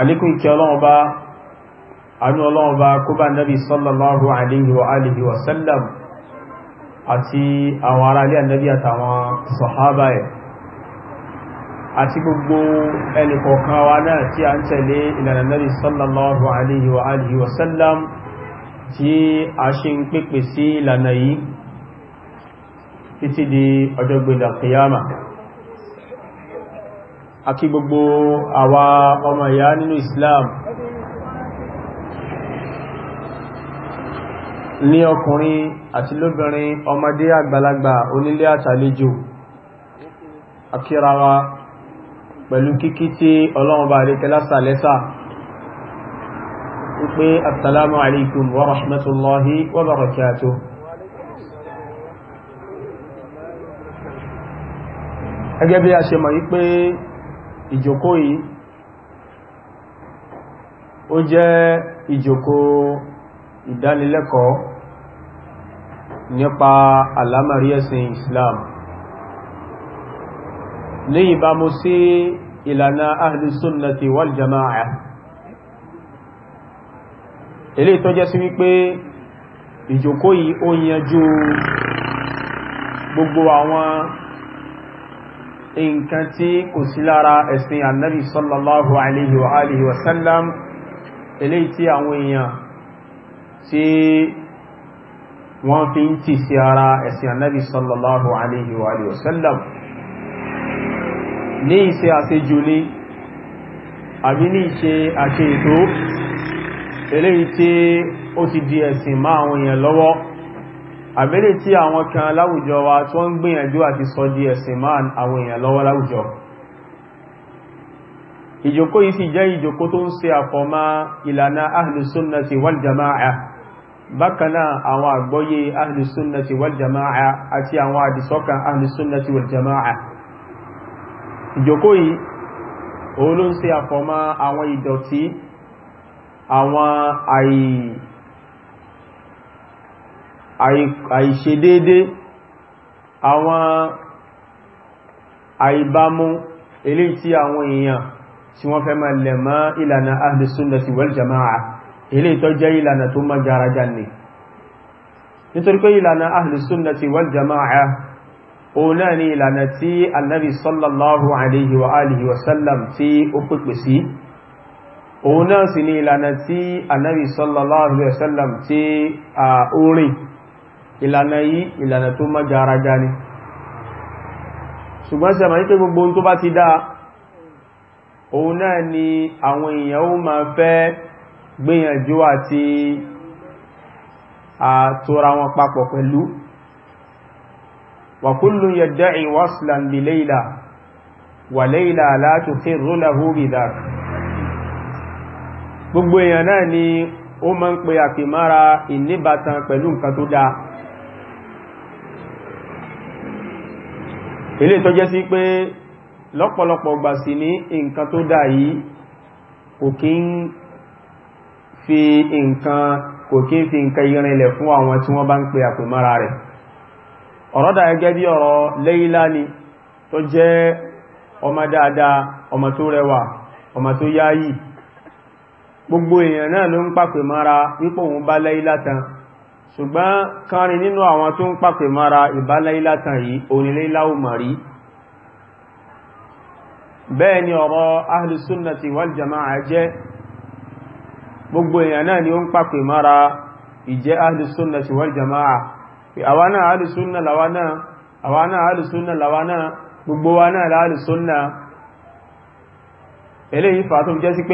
àlékún kí ọlọ́run bá anú ọlọ́run bá kó bá nabi sallallahu alaihi wa alihi wa sallam àti àwọn ará ilé annabi àtàwọn sọ̀hábà ẹ̀ àti gbogbo ẹnìkọ̀ọ̀kan wa náà tí a ń tẹ̀lé ìlànà nabi sallallahu alaihi wa alihi wa sallam tí a ṣe ń pèpè sí ìlànà yìí títí di ọjọ́ gbẹ̀dà àkí gbogbo àwa ọmọ ìyá nínú Islam ní ọkùnrin àti lóbìnrin ọmọdé àgbàlagbà onílé àtàlejò akírawa pẹ̀lú kíkí tí ọlọ́run bá rí kẹlásà lẹ́sà wípé assalamu alaikum wa rahmatullahi wa barakatuh gẹ́gẹ́ bí a ṣe mọ̀ wípé ìjòkó yìí ó jẹ́ ìjòkó ìdánilẹ́kọ̀ọ́ nípa àlámàrí ẹ̀sìn Islam ní ìbámu sí ìlànà ahlùsúnnàtí wal jama'a ilé tó jẹ́ sí wípé ìjòkó yìí ó yanjú gbogbo àwọn nǹkan tí kò sí lára ẹ̀sìn annabi sallallahu alaihi wa alihi wa sallam eléyìí tí àwọn èèyàn tí wọ́n fi ń tì sí ara ẹ̀sìn annabi sallallahu alaihi wa alihi wa sallam ní ìṣe àṣejù ní àbí ní ìṣe àṣe ètò eléyìí tí ó ti di ẹ̀sìn máa àwọn èèyàn lọ́wọ́ àbẹ́lẹ̀ tí àwọn kan láwùjọ wa tí wọ́n ń gbìyànjú àti sọ di ẹ̀sìn máa àwọn èèyàn lọ́wọ́ láwùjọ ìjòkó yìí sì jẹ́ ìjòkó tó ń ṣe àfọ̀mọ́ ìlànà ahlùsúnnàtì wàljama'a bákanáà àwọn àgbọ́yé ahlùsúnnàtì wàljama'a àti àwọn àdìsọ́kan ahlùsúnnàtì wàljama'a ìjòkó yìí òun àìṣedéédé àwọn àìbámú eléyìí tí àwọn èèyàn tí wọ́n fẹ́ máa lẹ̀ mọ́ ìlànà ahlu sunnati wal jama'a eléyìí tó jẹ́ ìlànà tó má garaja ni nítorí pé ìlànà ahlu sunnati wal jama'a òun náà ni ìlànà tí annabi sallallahu alaihi wa alihi wa sallam tí ó pèpè sí òun náà sì ni ìlànà tí annabi sallallahu alaihi wa sallam tí a orin ìlànà yìí ìlànà tó má garaga ni ṣùgbọ́n sí àmàrí pé gbogbo tó bá ti dáa òun náà ni àwọn èèyàn ó máa fẹ́ gbìyànjú àti àtòra wọn papọ̀ pẹ̀lú wa kullun yadda'i waslan bi Layla wa Layla la tuqirru lahu bidhak gbogbo èèyàn náà ni ó máa ń pe àpèmára ìníbàtàn pẹ̀lú nǹkan tó dáa ilé tó jẹ́ sí pé lọ́pọ̀lọpọ̀ gbà sí ní nǹkan tó dá yìí kò kí ń fi nǹkan fi ìrìnlẹ̀ fún àwọn tí wọ́n bá ń pè àpè mara rẹ̀ ọ̀rọ̀ dà bí ọ̀rọ̀ ni tó jẹ́ ọmọ dáadáa ọmọ tó rẹwà ọmọ tó yáyì gbogbo èèyàn náà ló ń pàpè mara wípò òun bá Leila ṣùgbọ́n kárin nínú àwọn tó ń pàpè mara ìbáláílá tàn yìí oníléílá ò mọ̀rí bẹ́ẹ̀ ni ọ̀rọ̀ ahlùsúnnàtì wal jama'a jẹ́ gbogbo èèyàn náà ni ó ń pàpè mara ìjẹ́ ahlùsúnnàtì wal jama'a àwa náà ahlùsúnnà làwa náà àwa náà ahlùsúnnà làwa náà gbogbo jẹ́ sí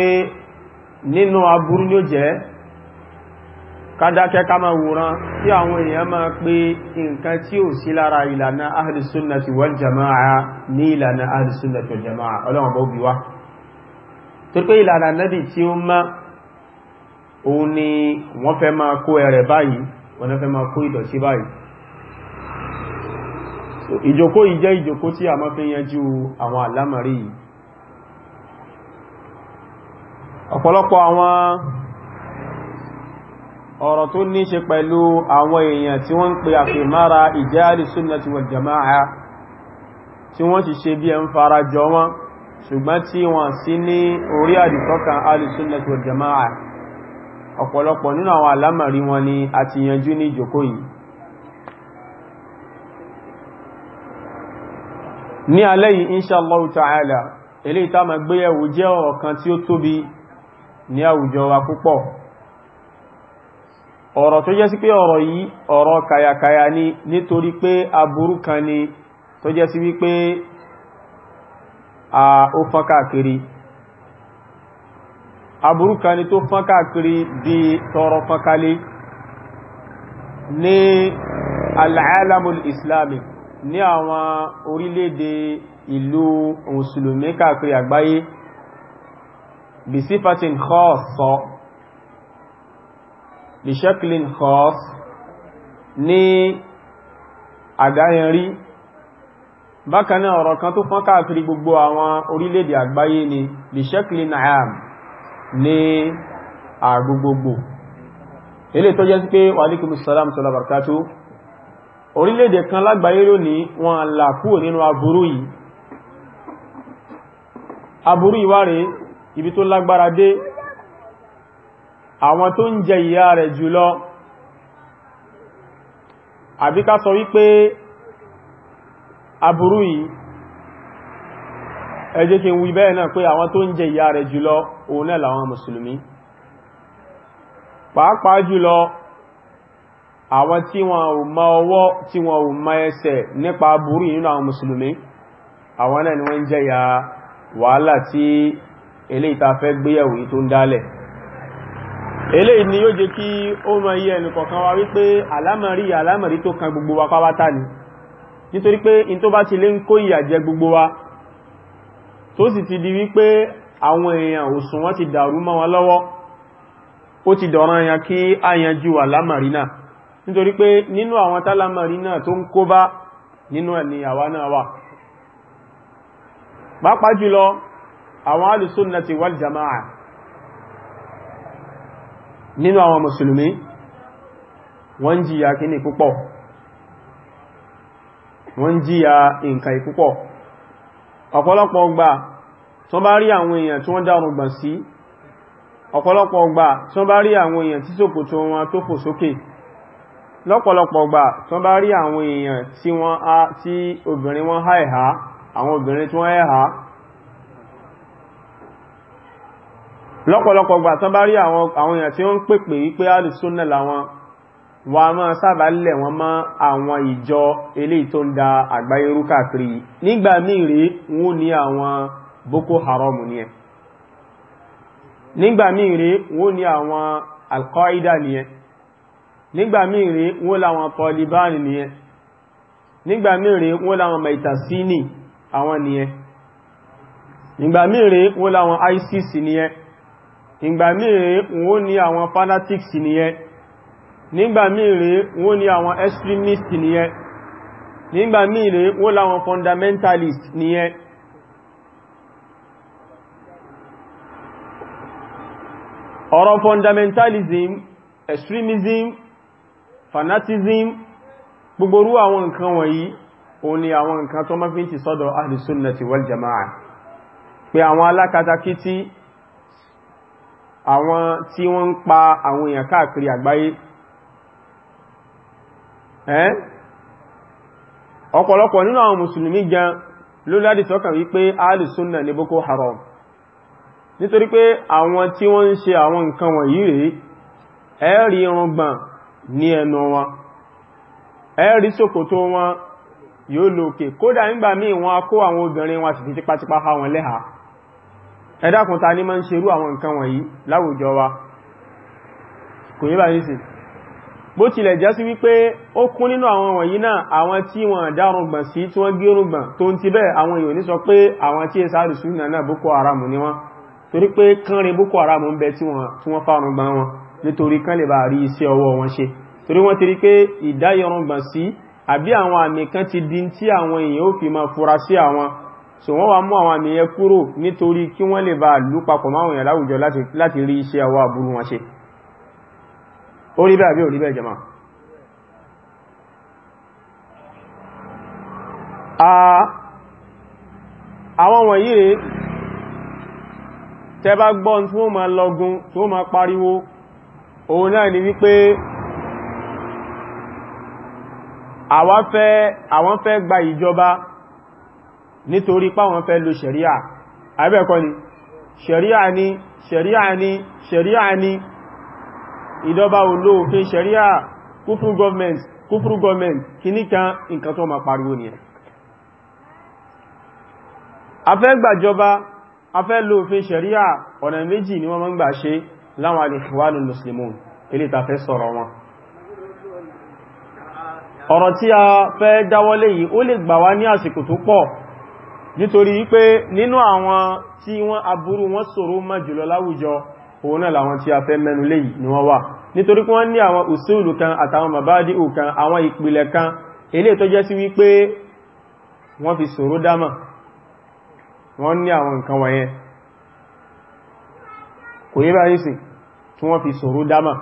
kádákẹ́ ká máa wòran tí àwọn èèyàn máa pé nǹkan tí ò sí lára ìlànà ahlùsúnnàtì wal jama'a ní ìlànà ahlùsúnnàtì wal jama'a ọlọ́wọ̀n bó bí wá tó pé ìlànà nẹ́bì tí ó má òun ni wọ́n fẹ́ máa kó ẹrẹ̀ báyìí wọ́n fẹ́ máa kó ọ̀rọ̀ tó ní ṣe pẹ̀lú àwọn èèyàn tí wọ́n ń pè àfèmára ìjáàlì sunnati wal jama'a tí wọ́n ti ṣe bí ẹn fara jọ wọn ṣùgbọ́n tí wọ́n sí ní orí àdìtọ́kan ahli sunnati wal jama'a ọ̀pọ̀lọpọ̀ nínú àwọn alámàrí wọn ni a ti yanjú ní ìjòkó eléyìí tá máa gbéyẹ̀wò jẹ́ ọ̀rọ̀ tí ó tóbi ní àwùjọ wa púpọ̀ ọ̀rọ̀ tó jẹ́ sí pé ọ̀rọ̀ yìí ọ̀rọ̀ kàyàkàyà ni nítorí pé aburú kan ni tó jẹ́ sí wípé a ó fán káàkiri aburú kan ni tó fán káàkiri bí tọrọ fánkálé ní al'alamul islami ní àwọn orílẹ̀-èdè ìlú mùsùlùmí káàkiri àgbáyé bí sífàtín kọ́ sọ so li shaklin khas ní àdáyẹnrí bákanáà ọ̀rọ̀ kan tó fọ́n káàkiri gbogbo àwọn orílẹ̀-èdè àgbáyé ni li shaklin am ní àgbogbogbò ilé tó jẹ́ sí pé wàlíkùnmù sàlámù sọ́lá bàrkátó orílẹ̀-èdè kan lágbàáyé lónìí wọn là kúrò nínú aburú yìí aburú ìwárẹ̀ ibi tó lágbára dé àwọn tó ń jẹ ìyà rẹ̀ jùlọ àbí ká sọ wípé aburú yìí ẹ jẹ́ kí n wí bẹ́ẹ̀ náà pé àwọn tó ń jẹ ìyà rẹ̀ jùlọ òun náà làwọn mùsùlùmí pàápàá jùlọ àwọn tí wọn ò mọ ọwọ́ tí wọn ò mọ ẹsẹ̀ nípa aburú yìí nínú àwọn mùsùlùmí àwọn náà ni wọ́n ń jẹ ìyà wàhálà tí eléyìí tá gbéyẹ̀wò yìí tó ń dálẹ̀ Ele ni yóò jẹ́ kí ó mọ iye ẹnì kọ̀ọ̀kan wa wípé àlámọ̀rí àlámọ̀rí tó kan gbogbo wa pátá ni nítorí pé in tó bá ti lé ń kó ìyà gbogbo wa tó sì ti di wípé àwọn èèyàn òsùn wọn ti dàrú mọ́ wọn lọ́wọ́ ó ti dọ̀ràn a yanjú àlámọ̀rí náà nítorí pé nínú àwọn tálámọ̀rí náà tó ń kó bá nínú jama'a nínú àwọn mùsùlùmí wọ́n jìyà kíní púpọ̀ wọ́n jìyà nǹkan púpọ̀ ọ̀pọ̀lọpọ̀ ọgbà tó bá rí àwọn èèyàn tí wọ́n dárùn gbà sí ọ̀pọ̀lọpọ̀ ọgbà tó bá rí àwọn èèyàn tí ṣòkòtò wọn tó fò sókè lọ́pọ̀lọpọ̀ ọgbà tó bá rí àwọn èèyàn tí obìnrin wọn há àwọn obìnrin tí wọ́n ẹ̀há lọ́pọ̀lọpọ̀ gbà tán bá rí àwọn èèyàn tí ó ń pèpè wípé alìsúnnà làwọn wọn a máa sábà lẹ̀ wọn mọ́ àwọn ìjọ eléyìí tó ń da àgbáyé rú káàkiri nígbà míì rí ní àwọn Boko Haram ni ẹ nígbà míì rí wọn ní àwọn Al-Qaeda ni ẹ nígbà míì rí wọn láwọn Taliban ni ẹ nígbà míì rí wọn láwọn Maitasini àwọn ni ẹ nígbà míì rí láwọn ISIS ni ẹ ìgbà mìírí wọ́n ní àwọn fanatics nìyẹn nígbà mìírí wọ́n ní àwọn extremists nìyẹn nígbà wọ́n láwọn fundamentalists nìyẹn ọ̀rọ̀ fundamentalism extremism fanatism gbogbo orú àwọn nǹkan wọ̀nyí òun ni àwọn nǹkan tó máa fi ń ti sọ́dọ̀ ahlu sunnati wal jama'a pé àwọn alákatakítí àwọn tí wọ́n ń pa àwọn èèyàn káàkiri àgbáyé ẹ́n ọ̀pọ̀lọpọ̀ nínú àwọn mùsùlùmí gan ló ládì sọ́kàn wípé alìsúnnà ní Boko Haram nítorí pé àwọn tí wọ́n ń ṣe àwọn nǹkan wọ̀nyí rèé ẹ̀rí irùngbọ̀n ní ẹnu wọn ẹ̀rí ṣòkòtò wọn yóò lókè kódà nígbà míì wọn kó àwọn obìnrin wọn sì ti tipátipá ha wọn lẹ́hàá ẹ dákun ta ní máa ń ṣerú àwọn nǹkan wọ̀nyí láwùjọ wa kò yí bá yí sí bó tilẹ̀ jẹ́ sí wípé ó kún nínú àwọn wọ̀nyí náà àwọn tí wọ́n dárùngbọ̀n sí tí wọ́n gírùngbọ̀n tó ń ti bẹ́ẹ̀ àwọn èèyàn ní sọ pé àwọn tí èsà àrùsù náà boko haram ni wọ́n torí pé kánrin boko haram ń bẹ tí wọ́n fárùngbọ̀n wọn nítorí kán lè bá rí iṣẹ́ ọwọ́ wọn ṣe torí wọ́n ti rí pé ìdáyọrùngbọ̀n sí àbí àwọn àmì kan ti di tí àwọn èèyàn ó fi máa fura sí àwọn so wọ́n wá mú àwọn àmì yẹn kúrò nítorí kí wọ́n lè bá lù papọ̀ máwọn èèyàn láwùjọ láti rí iṣẹ́ àwọn àbúrú wọn ṣe ó rí bẹ́ẹ̀ àbí ò rí bẹ́ẹ̀ jàmá àwọn wọ̀nyí rẹ̀ tẹba gbọ́n tí wọ́n ma lọ́gun tí wọ́n ma pariwo òun náà ni wípé àwọn fẹ́ gba ìjọba nítorí páwọn fẹ́ lo ṣẹ̀ríà abẹ́ẹ̀kọ́ ni ṣẹ̀ríà ni ṣẹ̀ríà ni ṣẹ̀ríà ni ìdọba olóòfin ṣẹ̀ríà kúfúrú government kúfúrú government kìní kan nǹkan tó ma pariwo ni ẹ̀ afẹ́ gbàjọba afẹ́ ṣẹ̀ríà ọ̀nà méjì ni wọ́n ma ń gbà ṣe láwọn alìfúwánù muslimun ilé tafẹ́ sọ̀rọ̀ wọn ọ̀rọ̀ tí a fẹ́ dáwọ́lé yìí ó lè gbà wá ní àsìkò tó pọ̀ nítorí pé nínú àwọn tí wọ́n aburú wọ́n ṣòro má jùlọ láwùjọ òun náà làwọn tí a fẹ́ mẹ́nu léyìí ni wọ́n wà nítorí pé wọ́n ní àwọn usulu kan àtàwọn mabadi'u kan àwọn ìpìlẹ̀ kan eléyìí tó jẹ́ sí wípé wọ́n fi ṣòro dámà wọ́n ní àwọn nǹkan wọ̀nyẹn kò yé báyìí sí tí wọ́n fi ṣòro dámà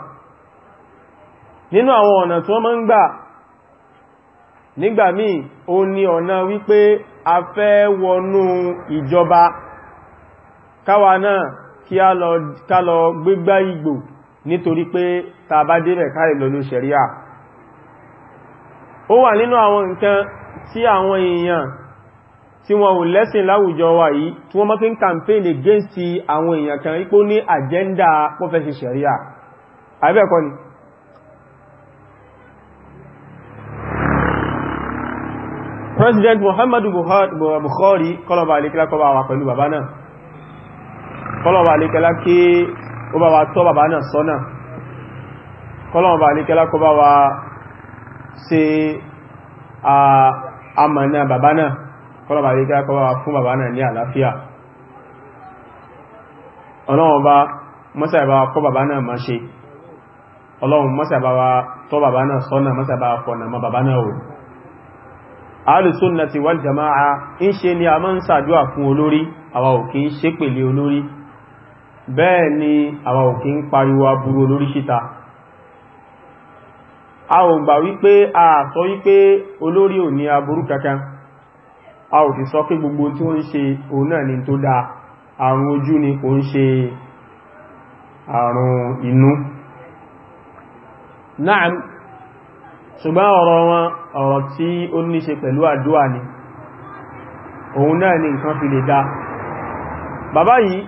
a fẹ́ wọnú ìjọba káwa náà kí a lọ gbégbá igbó nítorí pé tàbá débẹ̀ káì lọ ní ṣẹ̀ríà ó wà nínú àwọn nǹkan tí àwọn èèyàn tí wọn ò lẹ́sìn láwùjọ wa yìí tí wọ́n mọ́kín campaign against àwọn èèyàn kan ipò ní agenda pọ́fẹ́sì ṣẹ̀ríà àbẹ́ẹ̀kọ́ ni president muhammadu buhari kọlọba alikila kọba wa pẹ̀lú bàbá náà kọlọba alikila kí ó bá wa tọ́ bàbá náà sọ́nà kọlọba alikila kọba wa ṣe àmànà bàbá náà kọlọba alikila kọba wa fún bàbá náà ní àlàáfíà ọlọ́wọ́n bá mọ́sá ìbá kọ́ bàbá náà ma ṣe ọlọ́wọ́n mọ́sá ìbá wa tọ́ bàbá náà sọ́nà mọ́ alùsùnnàtì wal jama'a ń ṣe ni a máa ń sàdúwà fún olórí àwa ò kí ń ṣépèlé olórí bẹ́ẹ̀ ni àwa ò kí ń pariwo aburú olórí síta a ò gbà wípé a sọ wípé olórí ò ní aburú kankan a ò sì sọ pé gbogbo tí wọ́n ṣe òun náà ni tó dáa àrùn ojú ni kò ń ṣe àrùn inú ṣùgbọ́n ọ̀rọ̀ wọn ọ̀rọ̀ tí ó ní ṣe pẹ̀lú àdúwà ni òun náà ni nǹkan fi lè dá bàbá yìí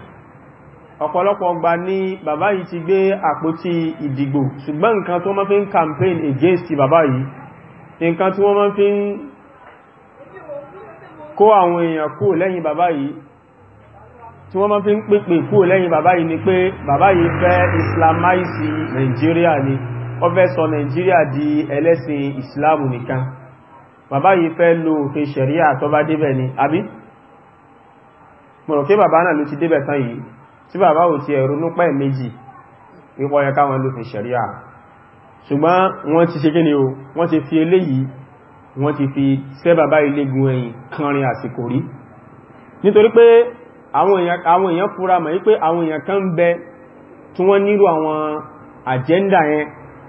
ọ̀pọ̀lọpọ̀ ọgbà ní bàbá yìí ti gbé àpótí ìdìgbò ṣùgbọ́n nǹkan tó máa ń campaign against bàbá yìí nǹkan tí wọ́n máa fi ń kó àwọn èèyàn kúrò lẹ́yìn bàbá yìí tí wọ́n máa fi ń pèpè kúrò lẹ́yìn bàbá yìí ni pé bàbá yìí fẹ́ islamize Nigeria ni ó fẹ́ sọ Nàìjíríà di ẹlẹ́sìn ìsìláàmù nìkan bàbá yìí fẹ́ lo òfin ṣẹ̀ríà tó débẹ̀ ni àbí mọ̀rọ̀kẹ́ bàbá náà ló ti débẹ̀ tán yìí tí bàbá ò ti ẹ̀rọ nípa ẹ̀ méjì wípọ̀ yẹ káwọn ló fi ṣẹ̀ríà ṣùgbọ́n wọ́n ti ṣe kíni o wọ́n ti fi eléyìí wọ́n ti fi sẹ́ bàbá ilégun ẹ̀yìn kanrin àsìkò rí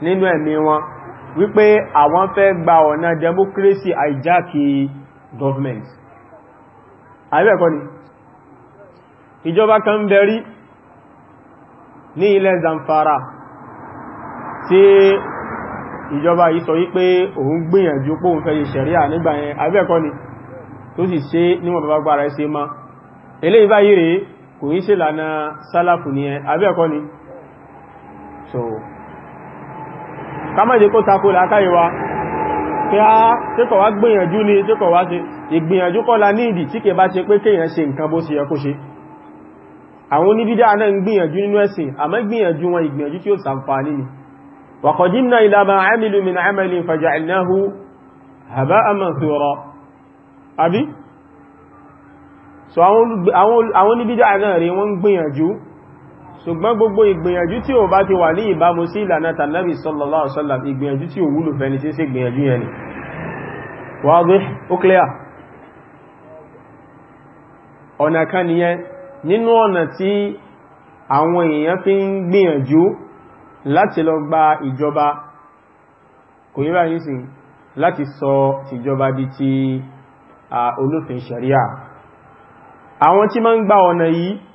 nínú ẹ̀mí wọn wípé àwọn fẹ́ gba ọ̀nà democracy àìjákì government àìbẹ̀kọ́ ni ìjọba kan ń bẹ̀rí ní ilẹ̀ Zamfara tí ìjọba yìí sọ wípé òun gbìyànjú póun fẹ́ ṣẹ̀ríà nígbà yẹn àìbẹ̀kọ́ ni tó sì ṣe níwọ̀n bàbá gbára ẹsẹ ma eléyìí báyìí rèé kò ń ṣe lànà sálàfù ní ẹ àbẹ́ẹ̀kọ́ ni so kámẹ́jẹ kó takò làákàyè wa pé á tíkọ̀ wá gbìyànjú ní tíkọ̀ wá ṣe ìgbìyànjú kọ́ la níìdì tí kẹ bá ṣe pé kéèyàn ṣe nǹkan bó ṣe yẹ kó ṣe àwọn oníbídá náà ń gbìyànjú nínú ẹ̀sìn àmọ́ gbìyànjú wọn ìgbìyànjú tí ó sàǹfààní ni wa qadimna ila ma ṣùgbọ́n gbogbo ìgbìyànjú tí ó bá ti wà ní ìbámu sí ìlànà tànàbí sallallahu alaihi wasallam ìgbìyànjú tí ó wúlò fẹ́ni tí ó sì gbìyànjú yẹn ni wáwé ó clear ọ̀nà kan nìyẹn nínú ọ̀nà tí àwọn èèyàn fi ń gbìyànjú láti lọ gba ìjọba kò yíra yìí sí láti sọ tìjọba di ti olófin ṣàríà àwọn tí máa ń gba ọ̀nà yìí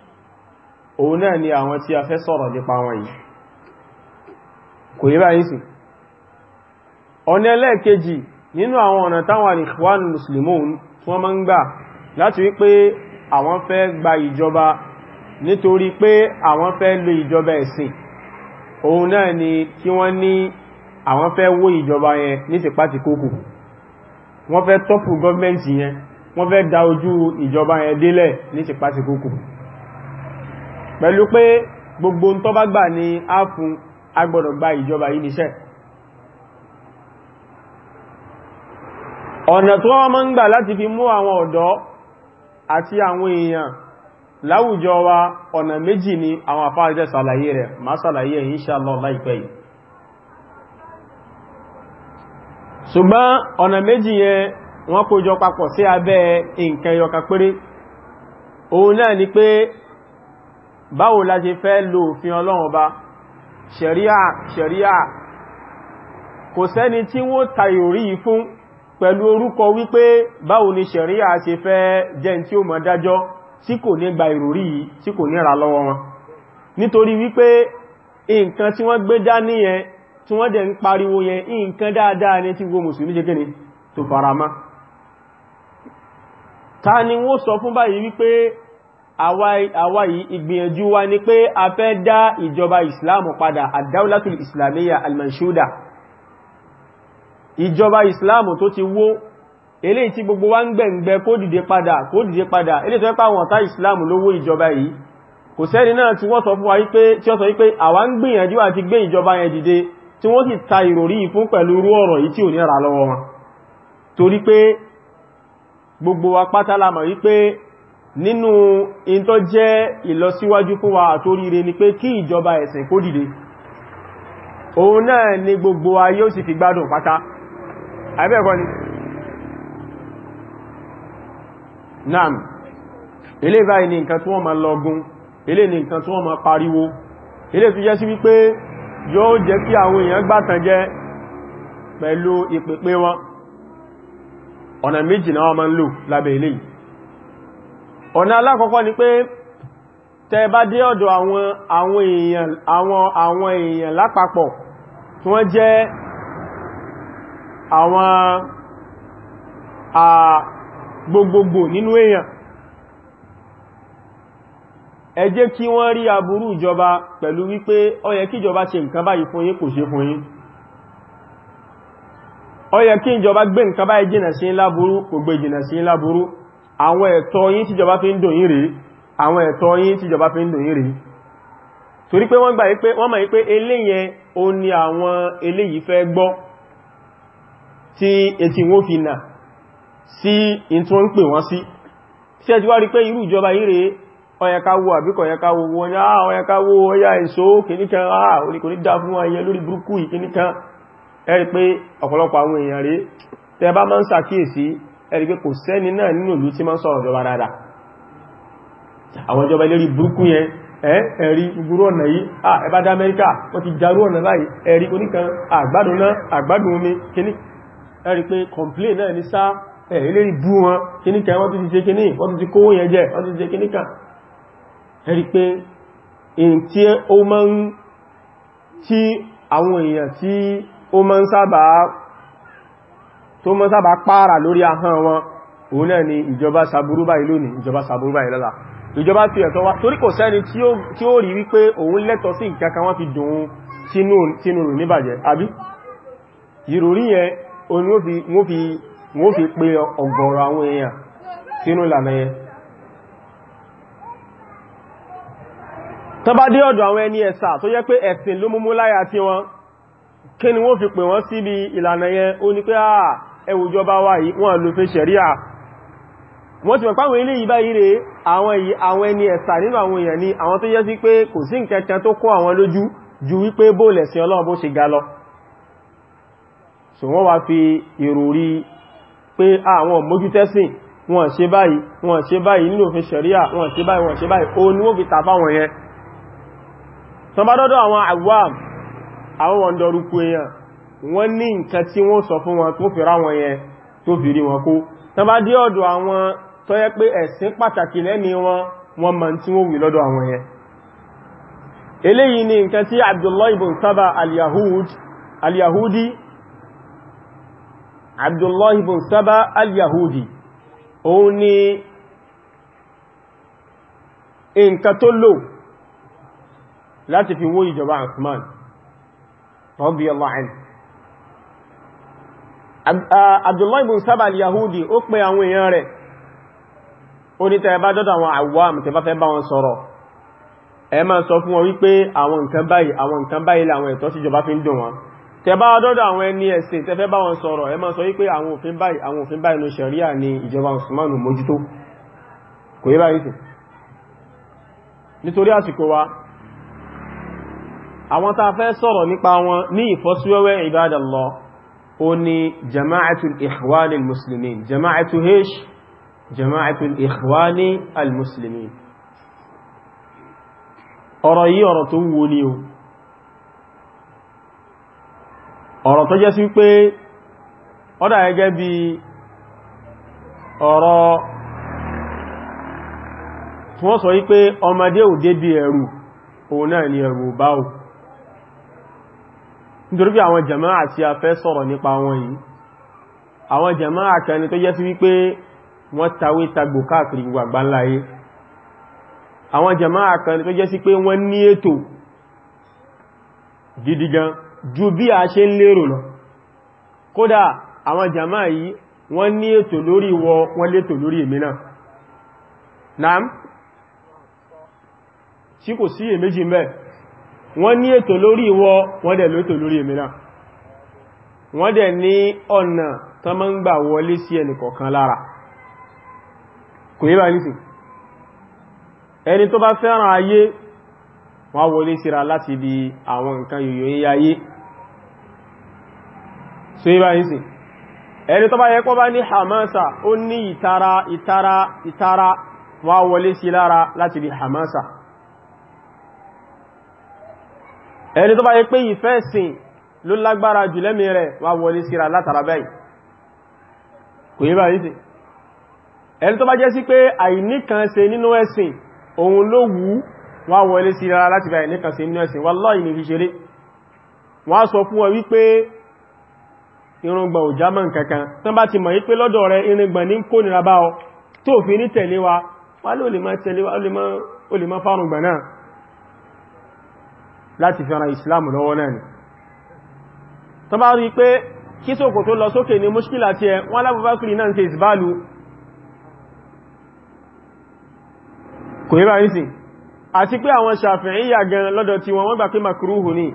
òun náà ni àwọn tí a fẹ́ sọ̀rọ̀ nípa wọn yìí kò yí báyìí sí ọ̀nà ẹlẹ́ẹ̀kejì nínú àwọn ọ̀nà táwọn al-Ikhwanul Muslimun tí wọ́n máa ń gbà láti wípé àwọn fẹ́ gba ìjọba nítorí pé àwọn fẹ́ lo ìjọba ẹ̀sìn òun náà ni kí wọ́n ní àwọn fẹ́ wó ìjọba yẹn ní ti pàtí kókù wọ́n fẹ́ tọ́pù gọ́ọ̀mẹ́ntì yẹn wọ́n fẹ́ da ojú ìjọba yẹn délẹ̀ ní ti pàtí pẹ̀lú pé gbogbo ń tọ́ bá gbà ní áfún agbọ́dọ̀ gba ìjọba yìí níṣẹ́ ọ̀nà tó wọ́n máa ń gbà láti fi mú àwọn ọ̀dọ́ àti àwọn èèyàn láwùjọ wa ọ̀nà méjì ni àwọn àfáàjẹ́ sàlàyé rẹ̀ máa sàlàyé inshallah láìpẹ́ yìí ṣùgbọ́n ọ̀nà méjì yẹn wọ́n kójọ papọ̀ sí abẹ́ nǹkan yọka péré òun náà ni pé báwo la ṣe fẹ́ lo òfin ọlọ́run ọba ṣẹ̀ríà ṣẹ̀ríà kò sẹ́ni tí wọ́n ta ìròrí fún pẹ̀lú orúkọ wípé báwo ni ṣẹ̀ríà ṣe fẹ́ jẹ́ tí ó mọ̀ dájọ́ tí kò ní gba ìròrí yìí tí kò ní ra lọ́wọ́ wọn nítorí wípé nǹkan tí wọ́n gbé dání yẹn tí wọ́n jẹ́ ń pariwo yẹn nǹkan dáadáa ní tí gbogbo mùsùlùmí jẹ́ kíni tó farama ta ni wọ́n sọ fún báyìí wípé àwa yìí ìgbìyànjú wa ni pé a fẹ́ dá ìjọba islam padà àdáwùlátùl islamiyya almanshuda ìjọba islam tó ti wó eléyìí tí gbogbo wa ń gbẹ̀ǹgbẹ̀ kó dìde padà kó dìde padà eléyìí tó pẹ́ àwọn ọ̀tá islam ló wó ìjọba yìí kò sẹ́ni náà tí wọ́n sọ fún wa wípé tí ó sọ wípé àwa ń gbìyànjú àti gbé gbogbo wa la mọ̀ wípé nínú ìntọ́ jẹ́ ìlọsíwájú fún wa àtóríire ni pé kí ìjọba ẹ̀sìn kó dìde òun náà ni gbogbo ayé ó sì fi gbádùn pátá àìbẹ́ẹ̀kọ́ ni naam ilé báyìí ni nǹkan tí wọ́n ma lọ́gun ilé ni nǹkan tí wọ́n ma pariwo ilé fi jẹ́ sí wípé yóò jẹ́ kí àwọn èèyàn gbàtàn jẹ́ pẹ̀lú ìpèpè wọn ọ̀nà méjì náà wọ́n ma ń lò lábẹ́ ilé ọ̀nà alákọ̀ọ́kọ́ ni pé tẹ bá dé ọ̀dọ̀ àwọn àwọn èèyàn àwọn àwọn èèyàn lápapọ̀ tí wọ́n jẹ́ àwọn gbogbogbò nínú èèyàn ẹ jẹ́ kí wọ́n rí aburú ìjọba pẹ̀lú wípé ó yẹ kí ìjọba ṣe nǹkan báyìí fún yín kò ṣe fún yín ó yẹ kí ìjọba gbé nǹkan báyìí jìnà sí láburú kò gbé jìnà sí láburú àwọn ẹ̀tọ́ yín tíjọba fi ń dùn yín rèé àwọn ẹ̀tọ́ yín tíjọba fi ń dùn yín rèé torí pé wọ́n gbà wípé wọ́n mọ̀ wípé eléyẹn o ní àwọn eléyìí fẹ́ gbọ́ tí etí wọ́n fi nà sí ìtún ń pè wọ́n sí sí ẹjú wá rí pé irú ìjọba yìí rèé ọyẹkáwó àbíkọ̀ ọyẹkáwó wọn ni ah ọyẹkáwó ọya èso kìníkan ah oníkò ní dá fún ayẹ lórí burúkú ìkìníkan ẹ rí pé ọ̀pọ̀lọpọ̀ àwọn èèyàn rèé tẹ bá máa ń ṣàkíyèsí ẹ̀rí pé kò sẹ́ni náà nínú ìlú tí máa ń sọ̀rọ̀ ìjọba dáadáa àwọn ìjọba ilé rí burúkú yẹn ẹ̀rí gbúrú ọ̀nà yìí à ẹbá dá amẹ́ríkà wọ́n ti jarú ọ̀nà láì ẹ̀rí oníkan àgbádùn náà àgbádùn omi kíní ẹ̀rí pé complain náà ní sáà ẹ̀rí bú wọn kíní kan wọ́n ti ti ṣe kíní wọ́n ti ti kówó yẹn jẹ wọ́n ti tó mọ́ sábà pààrà lórí ahọ́n wọn òun náà ni ìjọba sàbúrú báyìí lónìí ìjọba sàbúrú báyìí lọ́la ìjọba fi ẹ̀tọ́ wá torí kò sẹ́ni tí ó rí wípé òun lẹ́tọ̀ sí ìkẹ́kẹ́ wọ́n fi dùn sínú rù níbàjẹ́ àbí ìròrí yẹn òun wó fi pé ọ̀gọ̀rọ̀ àwọn èèyàn sínú ìlànà yẹn tán bá dé ọ̀dọ̀ àwọn ẹni ẹ̀sà tó yẹ pé ẹ̀sìn ló múmú láyà tí wọn kí ni wọ́n fi pè wọ́n síbi ìlànà yẹn ó ní pé àà ẹwùjọba wà yìí wọ́n lófin ṣẹ̀ríà wọ́n ti mọ̀páwọn ilé yìí báyìí rẹ̀ àwọn ẹni ẹ̀sà nínú àwọn èèyàn ni àwọn tó yẹ́ sí pé kò sí nǹkankan tó kó àwọn lójú ju wípé bóòlẹ̀ sí ọlọ́run bó ṣe ga lọ so wọ́n wá fi ìròrí pé àwọn mójútẹ́sìn wọ́n ṣe báyìí wọ́n ṣe báyìí nínú òfin ṣẹ̀ríà wọ́n ṣe báyìí wọ́n ṣe báyìí ó wọ́n ní nǹkan tí wọ́n sọ fún wọn tó fi rá wọn yẹn tó fi rí wọn kó tán bá dé ọ̀dọ̀ àwọn tó yẹ pé ẹ̀sìn pàtàkì lẹ́ni wọn wọ́n mọ̀ tí wọ́n wí lọ́dọ̀ àwọn yẹn eléyìí ni nǹkan tí Abdullahi Saba al yahudi òun ni nǹkan tó lò láti fi wó ìjọba Usman radiyallahu anhu abdullahi bin sábà yahudi ó pe àwọn èèyàn rẹ̀ ó ní tẹ́ẹ̀ bá dọ́dọ̀ àwọn àwọ̀m tẹ́ bá fẹ́ bá wọn sọ̀rọ̀ ẹ máa sọ fún wọn wípé àwọn nǹkan báyìí àwọn nǹkan báyìí láwọn ẹ̀tọ́ síjọba fi ń dùn wọn tẹ́ bá dọ́dọ̀ àwọn ẹni ẹ̀sìn tẹ́ fẹ́ bá wọn sọ̀rọ̀ ẹ máa sọ wípé ó ní jama'atul ikhwani al-muslimin jama'atu hesh jama'atul ikhwani al-muslimin ọ̀rọ̀ yí ọ̀rọ̀ tó wú ní o ọ̀rọ̀ tó jẹ́ sí pé ọ́dá gẹ́gẹ́ bí ọ̀rọ̀ tí wọ́n sọ wípé ọmọdé ò débi ẹ̀rù òun náà ni ẹ̀rù báwò nítorí pé àwọn jama'a tí a fẹ́ sọ̀rọ̀ nípa wọn yìí àwọn jama'a kan ni tó yẹ sí wípé wọ́n tawé tagbò káàkiri gbogbo àgbáńláyé àwọn jama'a kan ni tó yẹ sí pé wọ́n ní ètò gidigan ju bí a ṣe ń lérò lọ kódà àwọn jama'a yìí wọ́n ní ètò lórí wọ́n létò lórí èmi náà naam tí kò sí èméjì mẹ́ẹ̀ wọ́n ní ètò lórí ìwọ wọ́n dẹ̀ lótò lórí èmìnà wọ́n dẹ̀ ní ọ̀nà tán máa ń gbà wọlé sí ẹnìkọ̀ọ̀kan lára kò yíba nìsìn ẹni tó bá fẹ́ràn ayé wọ́n wọlé síra láti bí àwọn nǹkan yòyò yí so yíba nìsìn ẹni tó bá yẹ kó bá ní hamasa ó ní ìtara ìtara ìtara wọ́n wọlé sí lára láti bí hamasa ẹni tó bá yẹ pé ìfẹ́ sìn ló lágbára jù lẹ́mí rẹ̀ wà wọlé síra látara báyìí kò yé báyìí sí ẹni tó bá jẹ́ sí pé àìníkànṣe nínú ẹ̀sìn òun ló wù wà wọlé síra láti bá àìníkànṣe nínú ẹ̀sìn wallahi ní fi ṣeré wọ́n sọ fún ọ wípé irùngbọ̀n ò jámọ́ nǹkankan tán bá ti mọ̀ wípé lọ́dọ̀ rẹ̀ irùngbọ̀n ní kó nira bá ọ tó fi ní tẹ̀lé wa wá ló lè mọ́ fárùngbọ̀n náà láti fẹ́ràn islam lọ́wọ́ náà ni tó bá rí pé kí sókò tó lọ sókè ní múṣkílà tí ẹ wọ́n lábúbákìrì náà ṣe ìsbálù kò yíba ní sí àti pé àwọn ṣàfihìyà gan lọ́dọ̀ tí wọ́n gbà pé makruhu ní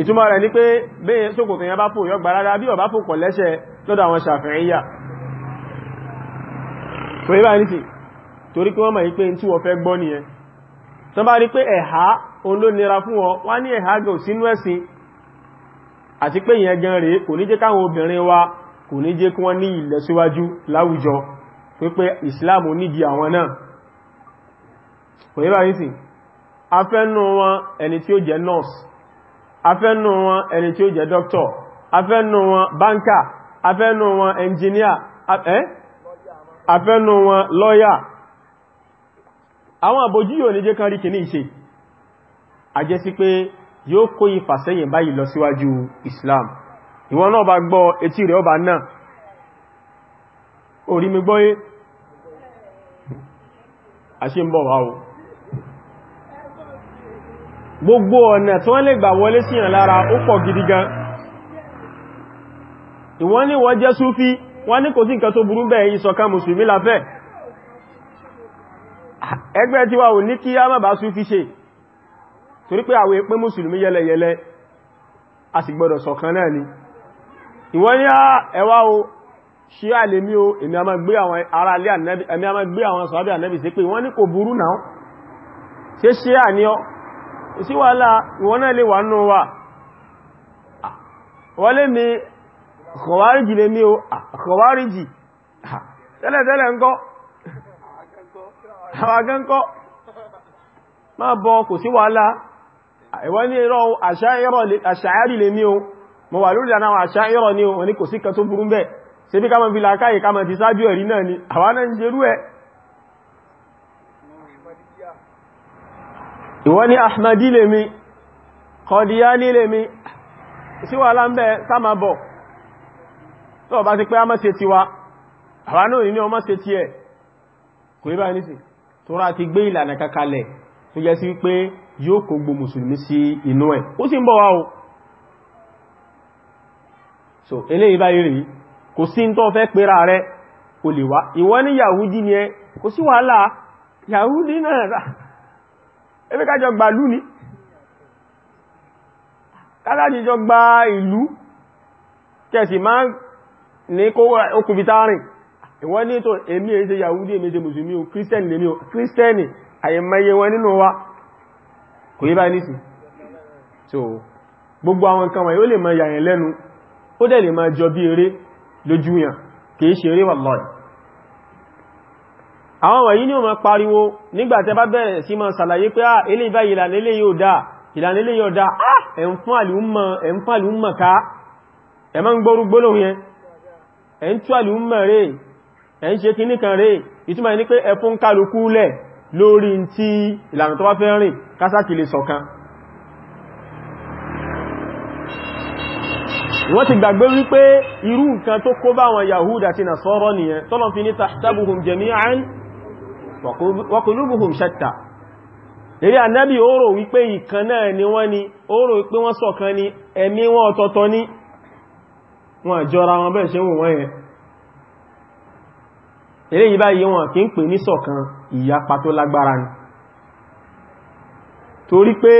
ìtumọ̀ rẹ̀ ní pé bẹ́yẹn sókò tó yẹn bá fò yọ gbàrádá bí ó bá fò kò lẹ́ṣẹ̀ lọ́dọ̀ àwọn ṣàfihìyà kò yíba ní sí torí kí wọ́n mọ̀ yí pé tí wọ́n fẹ́ tán bá rí pé ẹ̀há òun ló nira fún ọ wá ní ẹ̀há gẹ̀ sínú ẹ̀sìn àti pé ìyẹn gan rèé kò ní jẹ́ káwọn obìnrin wa kò ní jẹ́ kí wọ́n ní ìlọsíwájú láwùjọ pípé ìsìláàmù nídìí àwọn náà kò yẹ́ bá rí sí afẹ́nú wọn ẹni tí ó jẹ́ nurse afẹ́nú wọn ẹni tí ó jẹ́ doctor afẹ́nú wọn banker afẹ́nú engineer afẹ́nú wọn lawyer àwọn àbòjú yóò ní jẹ́ kan rí kìíní ìṣe àjẹ́sí pé yóò kó ìfàsẹ́yìn báyìí lọ síwájú Islam ìwọ náà bá gbọ́ etí rẹ̀ ọba náà orí mi gbọ́yé àṣẹ ń bọ̀ wá o gbogbo ọ̀nà tí wọ́n lè gbà wọlé síyàn lára ó pọ̀ gidi gan ìwọ́n ní wọ́n jẹ́ súfí wọ́n ní kò sí nǹkan tó burú bẹ́ẹ̀ ìṣọ̀kan mùsùlùmí la ẹgbẹ́ tí wà ò ní kí a má bá súfí ṣe torí pé àwọn èpé mùsùlùmí yẹlẹyẹlẹ a sì gbọdọ̀ ṣọ̀kan náà ni ìwọ́n ní ẹwà o ṣí àlèmí o èmi a máa gbé àwọn ará alẹ́ ànẹ́bì èmi a máa gbé àwọn sàábì àwọn agánkọ́ máa bọ́ kò sí wàhálà ẹ̀wọ́n ní irọ́ àṣàárì lè ní o mọ̀ wà lórí àwọn àṣàírọ̀ ní o wọ́n ní kò sí kan tó burú bẹ́ẹ̀ ṣe bí káàmà fi làkáyè káàmà ti sáájú ẹ̀rí náà ni àwọn náà ń jerú ẹ̀ ìwọ́n ní ahmadi lè mi kọdíyání lè mi sí wàhálà tóra ti gbé ìlànà kakalẹ̀ tó jẹ́ sí wípé yóò kó gbogbo mùsùlùmí sí inú ẹ̀ ó sì ń bọ̀ wá o so eléyìí báyìí rí kò sí ń tó fẹ́ pera rẹ̀ o lè wá ìwọ ní yahudi ni ẹ kò sí wàhálà yahudi náà rà ebe kájọ gbà lú ni kálájíjọ gba ìlú kẹsì máa ní kó okùnfitárìn ìwọ́n ní tó èmi èyí ṣe yahudi èmi ṣe musulmi o kírísítẹ́nì lèmi o kírísítẹ́nì àyẹ̀mẹ́yẹ wọn nínú wa kò yí báyìí nìsí so gbogbo àwọn nǹkan wọ̀nyí ó lè máa yàyàn lẹ́nu ó dẹ̀ lè máa jọ bí eré lójúyàn kìí ṣe eré wallahi àwọn wọ̀nyí ni ó ah eléyìí báyìí ìlànà eléyìí ò dáa ìlànà eléyìí ò dáa ah ẹ̀ ẹ̀ ń tú àlùmọ̀ rèé ẹ̀ ń ṣe kí ní kan rẹ̀ ìtumọ̀ ní pé ẹfún kálukú lẹ̀ lórí tí ìlànà tó bá fẹ́ rìn kásákì lè ṣọ̀kan wọ́n ti gbàgbé wípé irú nǹkan tó kó bá àwọn Yahuda àti Nasara nìyẹn tọ́lọ̀ fi ní tahsabuhum jami'an wa qulubuhum shatta lèrí ànábì ó rò wípé ìkan náà ni wọ́n ni ó rò wípé wọ́n ṣọ̀kan ni ẹ̀mí wọn ọ̀tọ̀ọ̀tọ̀ ni wọ́n àjọra wọn bẹ́ẹ̀ ṣe wọ́n yẹn eléyìí báyìí wọn kí ń pè ní ṣọ̀kan ìyapa tó lágbára ni torí pé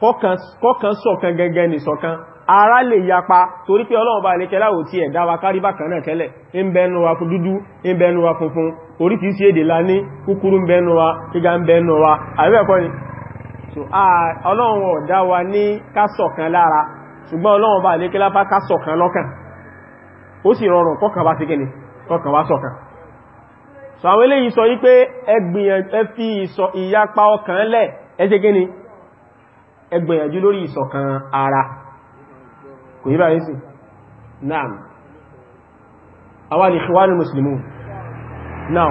kọ́kan ṣọ̀kan gẹ́gẹ́ ni ṣọ̀kan ara lè yapa torí pé ọlọ́run bá lékẹ́ láwò tí ẹ̀dá wa kárí bákan náà tẹ́lẹ̀ ń bẹnu wa dúdú ń bẹnu wa funfun oríṣiríṣi èdè la ní kúkúrú ń bẹnu wa gíga ń bẹnu wa àríwẹ̀kọ́ ni ọlọ́run ọ̀dá wa ní kásọ̀kan lára ṣùgbọ́n ọlọ́run ó sì rọrùn kọ́kàn wá sí kíni kọ́kàn wá ṣọ̀kan so àwọn eléyìí sọ wípé ẹgbìyànjú ẹ fi ìsọ ìyapa ọkàn lẹ̀ ẹjẹ́ gíní ẹgbìyànjú lórí ìṣọ̀kan ara kò yíba yìí sí naam àwọn Ikhwanul Muslimun now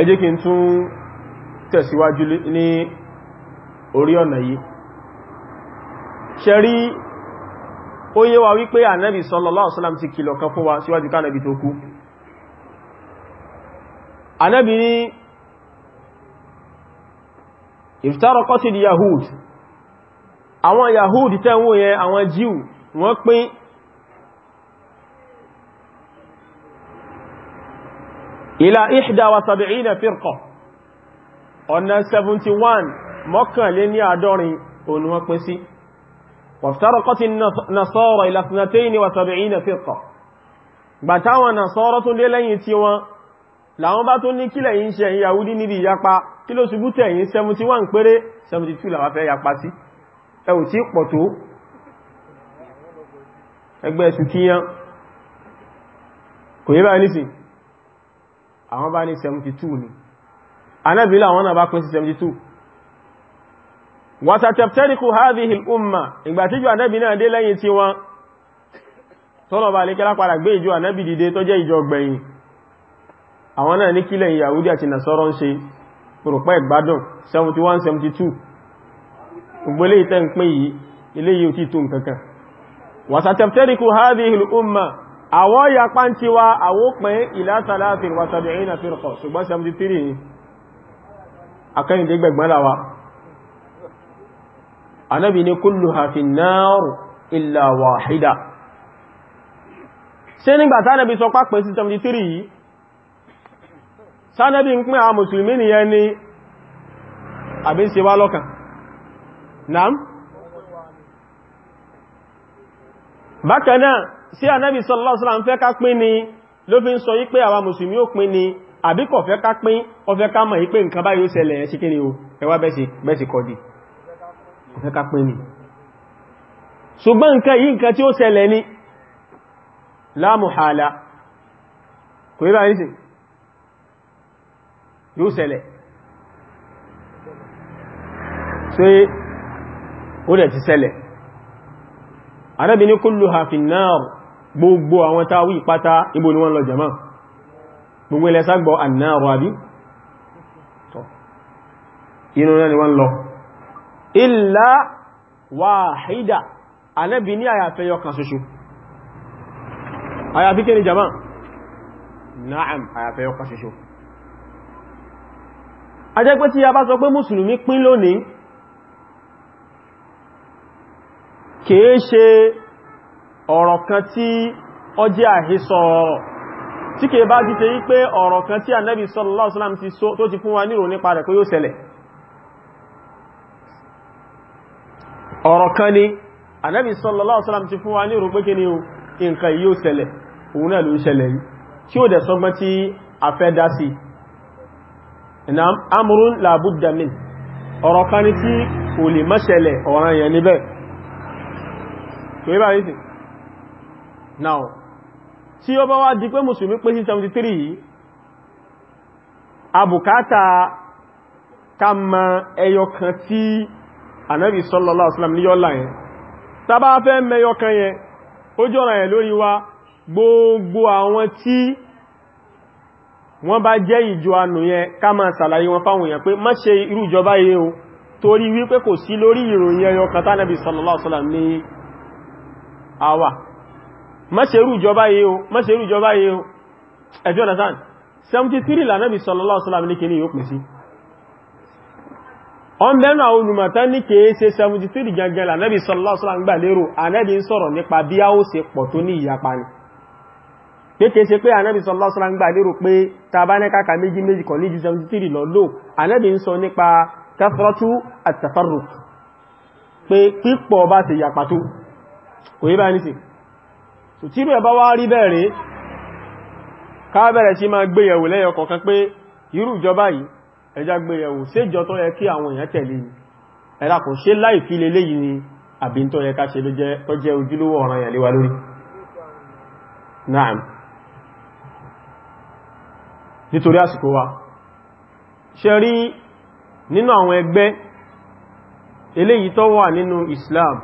ẹjẹ́ kí n tún tẹ̀síwájú ní orí ọ̀nà yìí ṣe ó yé wípé ànábì sallallahu anábi ní iftaraqati yahud àwọn yahud tẹ́wọ́ yẹn àwọn jíù wọ́n pín ila ihda wa sab'ina firqa ọ̀nà 71 mọ́kànlé ní àádọ́rin òun wọ́n pín sí waftaraqati nasara ila ithnatayni wa sab'ina firqa gbàtàwọn nasara tún làwọn bá tó ní kílẹ̀ yìí ń ṣe ẹ̀yin Yahudi níbi ìyapa kí ló ṣubú tẹ̀yìn 71 péré 72 làwọn fẹ́ yapa sí ẹ ò tí pọ̀ tó ẹgbẹ́ ẹ̀sù kíyàn kò yé bá ní sí àwọn bá ní 72 ni anábìlá àwọn náà bá pín sí 72 wàtàtàtàríkù hadhihi al-umma ìgbà tíjọ anábì náà dé lẹ́yìn tí wọ́n tọ́nà bá àwọn náà ní kílẹ̀ Yahudi àti Nasara ń ṣe pòròpá ìgbádùn 71-72 ògbélé ìtẹ́ ń pín yìí ilé yìí ò tí tó nǹkankan wàsàtẹ̀tẹ̀ríkù hadhihi al-umma àwọ́ yapa ń tiwa àwópin ila thalathin wa sab'ina firqa ṣùgbọ́n 73 akẹ́yìndé gbẹ̀gbọ́n láwa anábì ní kulluha fin nar illa wahida ṣe nígbàtá anábì sọ pápẹ́ tánẹ́bí ń pín àwọn ni nìyẹn ni àbí ń ṣe wá lọ́kàn naam bákanáà sí ànábì sallallahu alaihi wasallam ń fẹ́ ká pín ni ló fi ń sọ wípé àwọn mùsùlùmí ó pín ni àbí kọ̀ fẹ́ ká pín ó fẹ́ ká mọ̀ wípé nǹkan ó o ẹwà bẹ́ẹ̀sì ó yóò ṣẹlẹ̀ ṣe ó dẹ̀ ti ṣẹlẹ̀ Ànábì ní kulluha fin-nar gbogbo àwọn táwí ìpátá ibo ni wọ́n lọ jẹ̀mọ́ gbogbo ilẹ̀ sàgbọ́ an-nar àyàfi kí ni jama na'am àyàfẹ́ yọkan ṣoṣo a jẹ́ pé tí a bá sọ pé mùsùlùmí pín lónìí kìí ṣe ọ̀rọ̀ kan tí ó jẹ́ tí kìí bá ti yí pé ọ̀rọ̀ kan tí Ànábì sallallahu alaihi wasallam tó ti fún wa nírò nípa rẹ̀ kó yóò ṣẹlẹ̀ ọ̀rọ̀ kan ni Ànábì sallallahu alaihi wasallam ti fún ni nǹkan yóò ṣẹlẹ̀ òun náà ló ṣẹlẹ̀ yìí tí ó ìnàm amúrún làbúdàmín ọ̀rọ̀ kan ní tí kò lè má ṣẹlẹ̀ yẹn níbẹ̀ tó yíba ní sí now tí ó bá wá di pé mùsùlùmí pé sí 73 yìí abùkátà ká mọ ẹyọ kan tí anábì sallallahu alaihi wasallam ní yọ́lá yẹn tá bá wọ́n bá jẹ́ ìjọ anù yẹn ká máa sàlàyé wọn fáwọn èèyàn pé má ṣe irú ìjọba o torí wípé kò sí lórí ìròyìn ẹyọ kan tánàbí sallallahu alaihi wasallam ní àwà má ṣe irú ìjọba yìí o má ṣe irú ìjọba o ẹjọ́ nathan 73 lànàbí sallallahu alaihi wasallam ní kìíní yóò pín sí ọm lẹ́nu àwọn olùmọ̀tá ní sallallahu alaihi wasallam gbà lérò ànẹ́bí ń sọ̀rọ̀ nípa bí a ó ṣe pé kèé ṣe pé ànábì sallallahu alaihi wasallam gbà lérò pé tabanekaka méjì méjì kan ní ju 73 lọ lò ànábì ń sọ nípa kathratu at-tafarruq pé pípọ̀ bá ṣe yàpá tó kò yí bá ní sí so tírú ẹ̀bá wá rí bẹ̀rẹ̀ ká bẹ̀rẹ̀ sí máa gbéyẹ̀wò lẹ́yọ kọ̀ọ̀kan pé ni ẹ̀dà kò ṣe láì fi lè léyìí ni àbí tó yẹ ká Naam nítorí àsìkò wa ṣe rí nínú àwọn ẹgbẹ́ eléyìí tó wà nínú Islam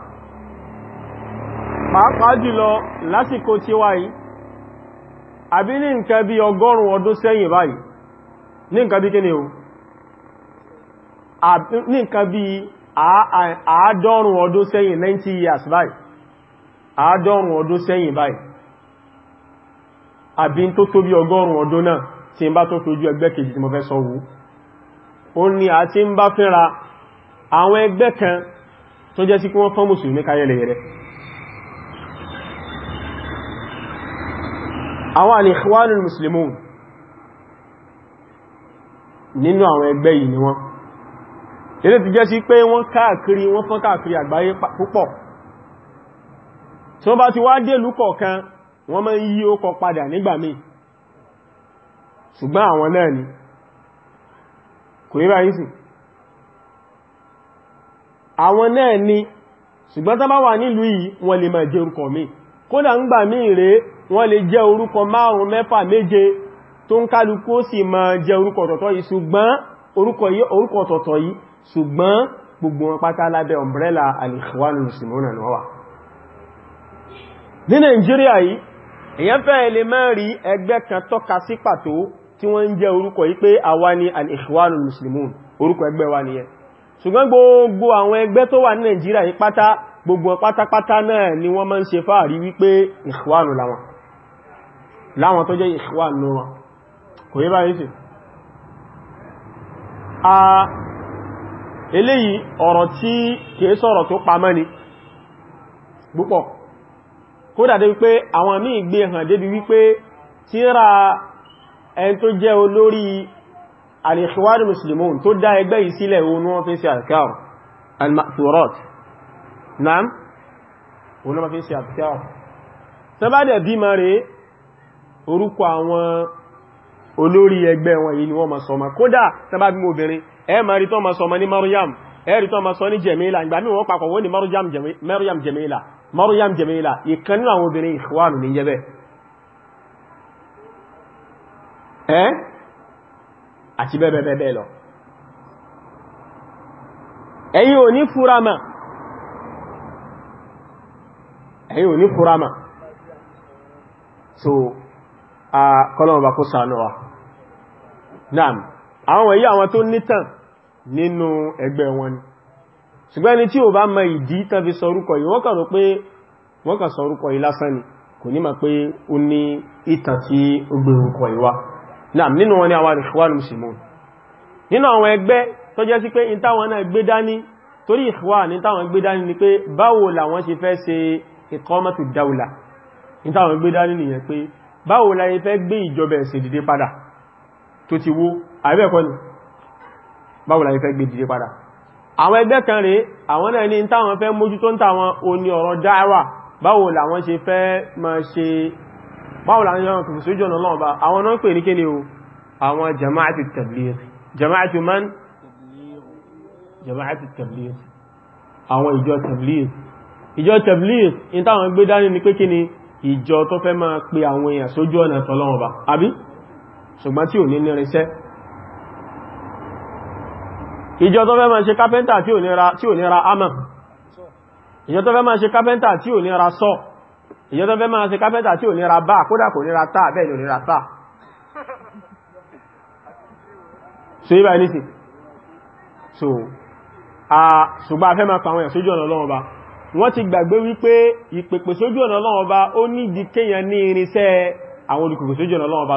pàápàá jùlọ lásìkò tí wá yìí àbí ní nǹkan bí ọgọ́rùn ọdún sẹ́yìn báyìí ní nǹkan bí kíni o ní nǹkan bí àádọ́rùn ọdún sẹ́yìn 90 years báyìí àádọ́rùn ọdún sẹ́yìn báyìí àbí tó tó bí ọgọ́rùn ọdún náà tí n bá tó fojú ẹgbẹ́ kejì tí mo fẹ́ sọ wú ó ní a ti ń bá fínra àwọn ẹgbẹ́ kan tó jẹ́ sí kí wọ́n fọ́n mùsùlùmí káyẹlẹ̀ rẹ̀ àwọn al-Ikhwanul Muslimun nínú àwọn ẹgbẹ́ yìí ni wọ́n ilé ti jẹ́ sí pé wọ́n káàkiri wọ́n fọ́n káàkiri àgbáyé púpọ̀ tí wọ́n bá ti wá dé lúkọ̀ kan wọ́n máa yí ó kọ padà nígbà míì ṣùgbọ́n àwọn náà ni kò yí báyìí sí àwọn náà ni ṣùgbọ́n tá bá wà nílùú yìí wọ́n lè máa jẹ orúkọ mi kódà ń gbà mí rẹ̀ wọ́n lè jẹ orúkọ márùn mẹ́fà méje tó ń kálukú ó sì máa jẹ orúkọ ọ̀tọ̀tọ̀ yìí ṣùgbọ́n gbogbo umbrella al-Ikhwanul Muslimuna ni wọ́n wà ní Nàìjíríà yìí èyàn fẹ́ lè máa rí ẹgbẹ́ kan tọ́ka sí pàtó tí wọ́n ń jẹ́ orúkọ yí pé àwa ni al-ikhwanul muslimun orúkọ ẹgbẹ́ wa nìyẹn ṣùgbọ́n gbogbo àwọn ẹgbẹ́ tó wà ní nàìjíríà yí pátá gbogbo pátápátá náà ni wọ́n máa ń ṣe fáàrí wípé ikhwanu láwọn láwọn tó jẹ́ ikhwanu wọn a eléyìí ọ̀rọ̀ tí kìí sọ̀rọ̀ tó pamọ́ ni púpọ̀ kódà dé wípé àwọn míì tíra ẹn tó jẹ́ olórí al-Ikhwan muslimun tó dá ẹgbẹ́ yìí sílẹ̀ òun wọ́n fi ń ṣe àkàr al-ma'thurat naam òun wọ́n fi ń ṣe àkàr tó bá dẹ̀ bímọ rẹ̀ orúkọ àwọn olórí ẹgbẹ́ wọn yìí ni wọ́n ma sọmọ kódà tó bá bímọ obìnrin ẹ ma rí tó ma sọmọ ní Maryam ẹ rí tó ma sọ ní Jamila ìgbà mí wọ́n papọ̀ wọ́n ni Maryam Jamila Maryam Jamila ìkan nínú àwọn obìnrin Ikhwan ní yẹ́bẹ̀ẹ́ ẹ́n àti bẹ́ẹ̀bẹ́ẹ̀bẹ́ẹ̀ lọ ẹ̀yin ò ní fúramà ẹ̀yin ò ní fúramà so a kọlọ̀mọ̀bà kó sànú náà naam àwọn wọ̀nyí àwọn tó nítàn nínú ẹgbẹ́ wọn ni ṣùgbọ́n tí ò bá mọ ìdí tàbí sọrúkọ yìí wọ́n kàn rò pé wọ́n sọrúkọ yìí lásán ni kò ní pé ó ní ìtàn tí ó naam nínú wọn ni àwọn ìṣwánù musulmùn nínú àwọn ẹgbẹ́ tó jẹ́ sí pé in táwọn náà gbé dání torí ìṣwá ní táwọn gbé dání ni pé báwo làwọn ṣe fẹ́ ṣe ìkọ́mọ̀tù dáúlà in táwọn gbé dání nìyẹn pé báwo la ṣe fẹ́ gbé ìjọba ẹ̀sìn dìde padà tó ti wó àbẹ́ẹ̀kọ́ ni báwo la ń yọ kìí sójú ọ̀nà lọ́wọ́ bá àwọn náà pè ní kí ni o àwọn jama'atu tabligh jama'atu man jama'atu tabligh àwọn ìjọ tabligh ìjọ tabligh in táwọn gbé dání ni pé kí ni ìjọ tó fẹ́ máa pe àwọn èèyàn sójú ọ̀nà tọ́lọ́wọ́ bá àbí ṣùgbọ́n tí ò ní nírinṣẹ́ ìjọ tó fẹ́ máa ṣe kápẹ́ntà tí ò ní ra ámà ìjọ tó fẹ́ máa ṣe kápẹ́ntà tí ò ní ra sọ́ọ̀ ìyẹn tó fẹ́ máa ṣe kápẹ́ntà tí ò nira bá kódà kò nira tá bẹ́ẹ̀ ò nira tá so ibà ní sí so a ṣùgbọ́n afẹ́ máa pàwọn ẹ̀sójú ọ̀nà Ọlọ́run Ọba wọ́n ti gbàgbé wípé ìpèpè sójú ọ̀nà Ọlọ́run Ọba ó ní ìdí kéèyàn ní irinṣẹ́ àwọn olùkùnkùn sójú ọ̀nà lọ́wọ́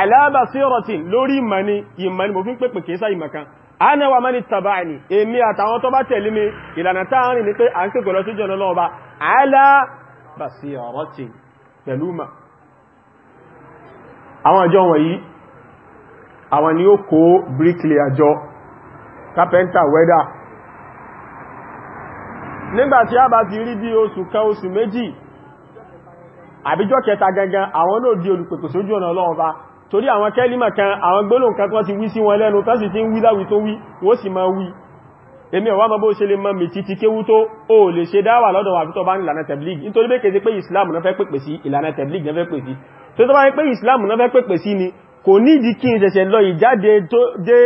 alábàṣírọ̀tì lórí ìmọ̀ni ìmọ̀ni mo fi ń pèpè kéésà ìmọ̀kan ana wa mani tabani èmi àtàwọn tó bá tẹ̀lé mi ìlànà táàrin ní pé à ń pèpè lọ sí jọ̀nà lọ́ọ̀ba alábàṣírọ̀tì pẹ̀lú mà àwọn àjọ wọ̀nyí àwọn ni ó kó bíríkìlì àjọ kápẹ́ntà wẹ́dà nígbàtí a bá ti rí bí oṣù kan oṣù méjì àbíjọ́ kẹta gangan àwọn náà di sójú ọ̀nà ọlọ́ọ̀ba torí àwọn kẹ́límà kan àwọn gbólóhùn kan tó ti wí sí wọn lẹ́nu tó sì ti ń wí láwí tó wí wó sì máa wí èmi ọ̀wá mọ́ bó ṣe lè mọ́ mi títí kéwú tó o lè ṣe dáwà lọ́dọ̀ wà tó bá ní ìlànà tẹ̀blíg nítorí pé kéde pé islam náà fẹ́ pèpè sí ìlànà tẹ̀blíg náà fẹ́ pèpè sí tó tó bá pé islam náà fẹ́ pèpè sí ni kò nídìí kí n ṣẹ̀ṣẹ̀ lọ ìjáde tó dé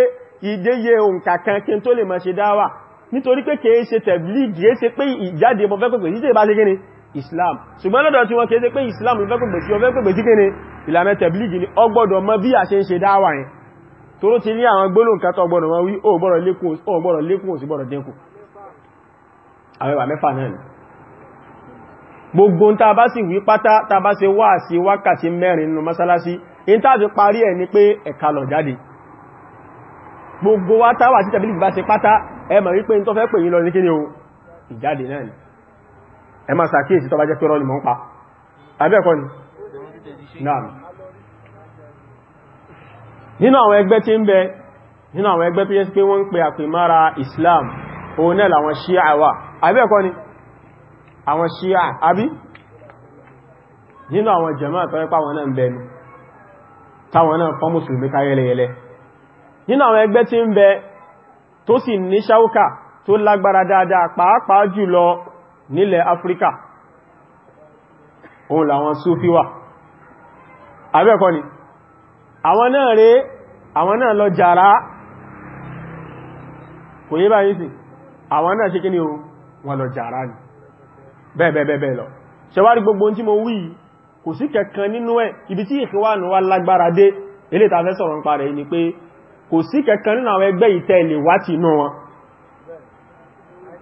ìdéye òǹkà kan kí n tó lè mọ́ ṣe dáwà nítorí pé kèé ṣe tẹ̀blíg kèé ṣe pé ìjáde mo fẹ́ pèpè sí tẹ̀ bá ṣe kíni islam ṣùgbọ́n lọ́dọ̀ tí wọn kèé ṣe pé islam fẹ́ pèpè sí ọ fẹ́ pèpè sí kíni ìlànà tẹ̀blígì ni ọgbọ́dọ̀ mọ bí a ṣe ń ṣe dáwà yẹn tóró ti ní àwọn gbólóhùn kan tó ọgbọ́dọ̀ mọ wí ó lékún ó sì dínkù àwẹ́wà mẹ́fà náà ni gbogbo ta bá sì wí pátá ta bá ṣe wá sí wákàtí mẹ́rin nínú mọ́sálásí in tá fi parí ẹ̀ ni pé ẹ̀ka lọ jáde gbogbo wá táwà tí tẹ̀blígì bá ṣe pátá ẹ mọ̀ wípé in tó fẹ́ pè yín lọ ní kíni o ìjáde náà ni ẹ máa ṣàkíyèsí tó bá jẹ́ pé rọ́ ni mọ́ ń pa àbẹ́ẹ̀kọ́ ni nínú àwọn ẹgbẹ́ tí ń bẹ nínú àwọn ẹgbẹ́ tó yẹ́ pé wọ́n ń pè àpèmára Islam òun náà làwọn Shia wà àbí ẹ̀kọ́ ni àwọn Shia àbí nínú àwọn jàmáà tọ́rẹ́pá wọn náà ń bẹnu táwọn náà fọ́n mùsùlùmí káyẹlẹyẹlẹ nínú àwọn ẹgbẹ́ tí ń bẹ tó sì ní ṣáúkà tó lágbára dáadáa pàápàá jùlọ nílẹ̀ Áfíríkà òun làwọn Súfí wà abẹ́ẹ̀kọ́ ni àwọn náà rẹ̀ àwọn náà lọ jàrá kò yé báyìí sí àwọn náà ṣe kí ni o wọ́n lọ jàrá ni bẹ́ẹ̀bẹ́ẹ̀bẹ́ẹ̀ lọ ṣẹwárí gbogbo tí mo wí kò sí kẹ̀kan nínú ẹ̀ ibi tí ìfíwánù wá lágbára dé ilé tàfẹ́ sọ̀rọ̀ ń parẹ̀ ni pé kò sí kẹ̀kan nínú àwọn ẹgbẹ́ ìtẹ́lẹ̀ wá ti inú wọn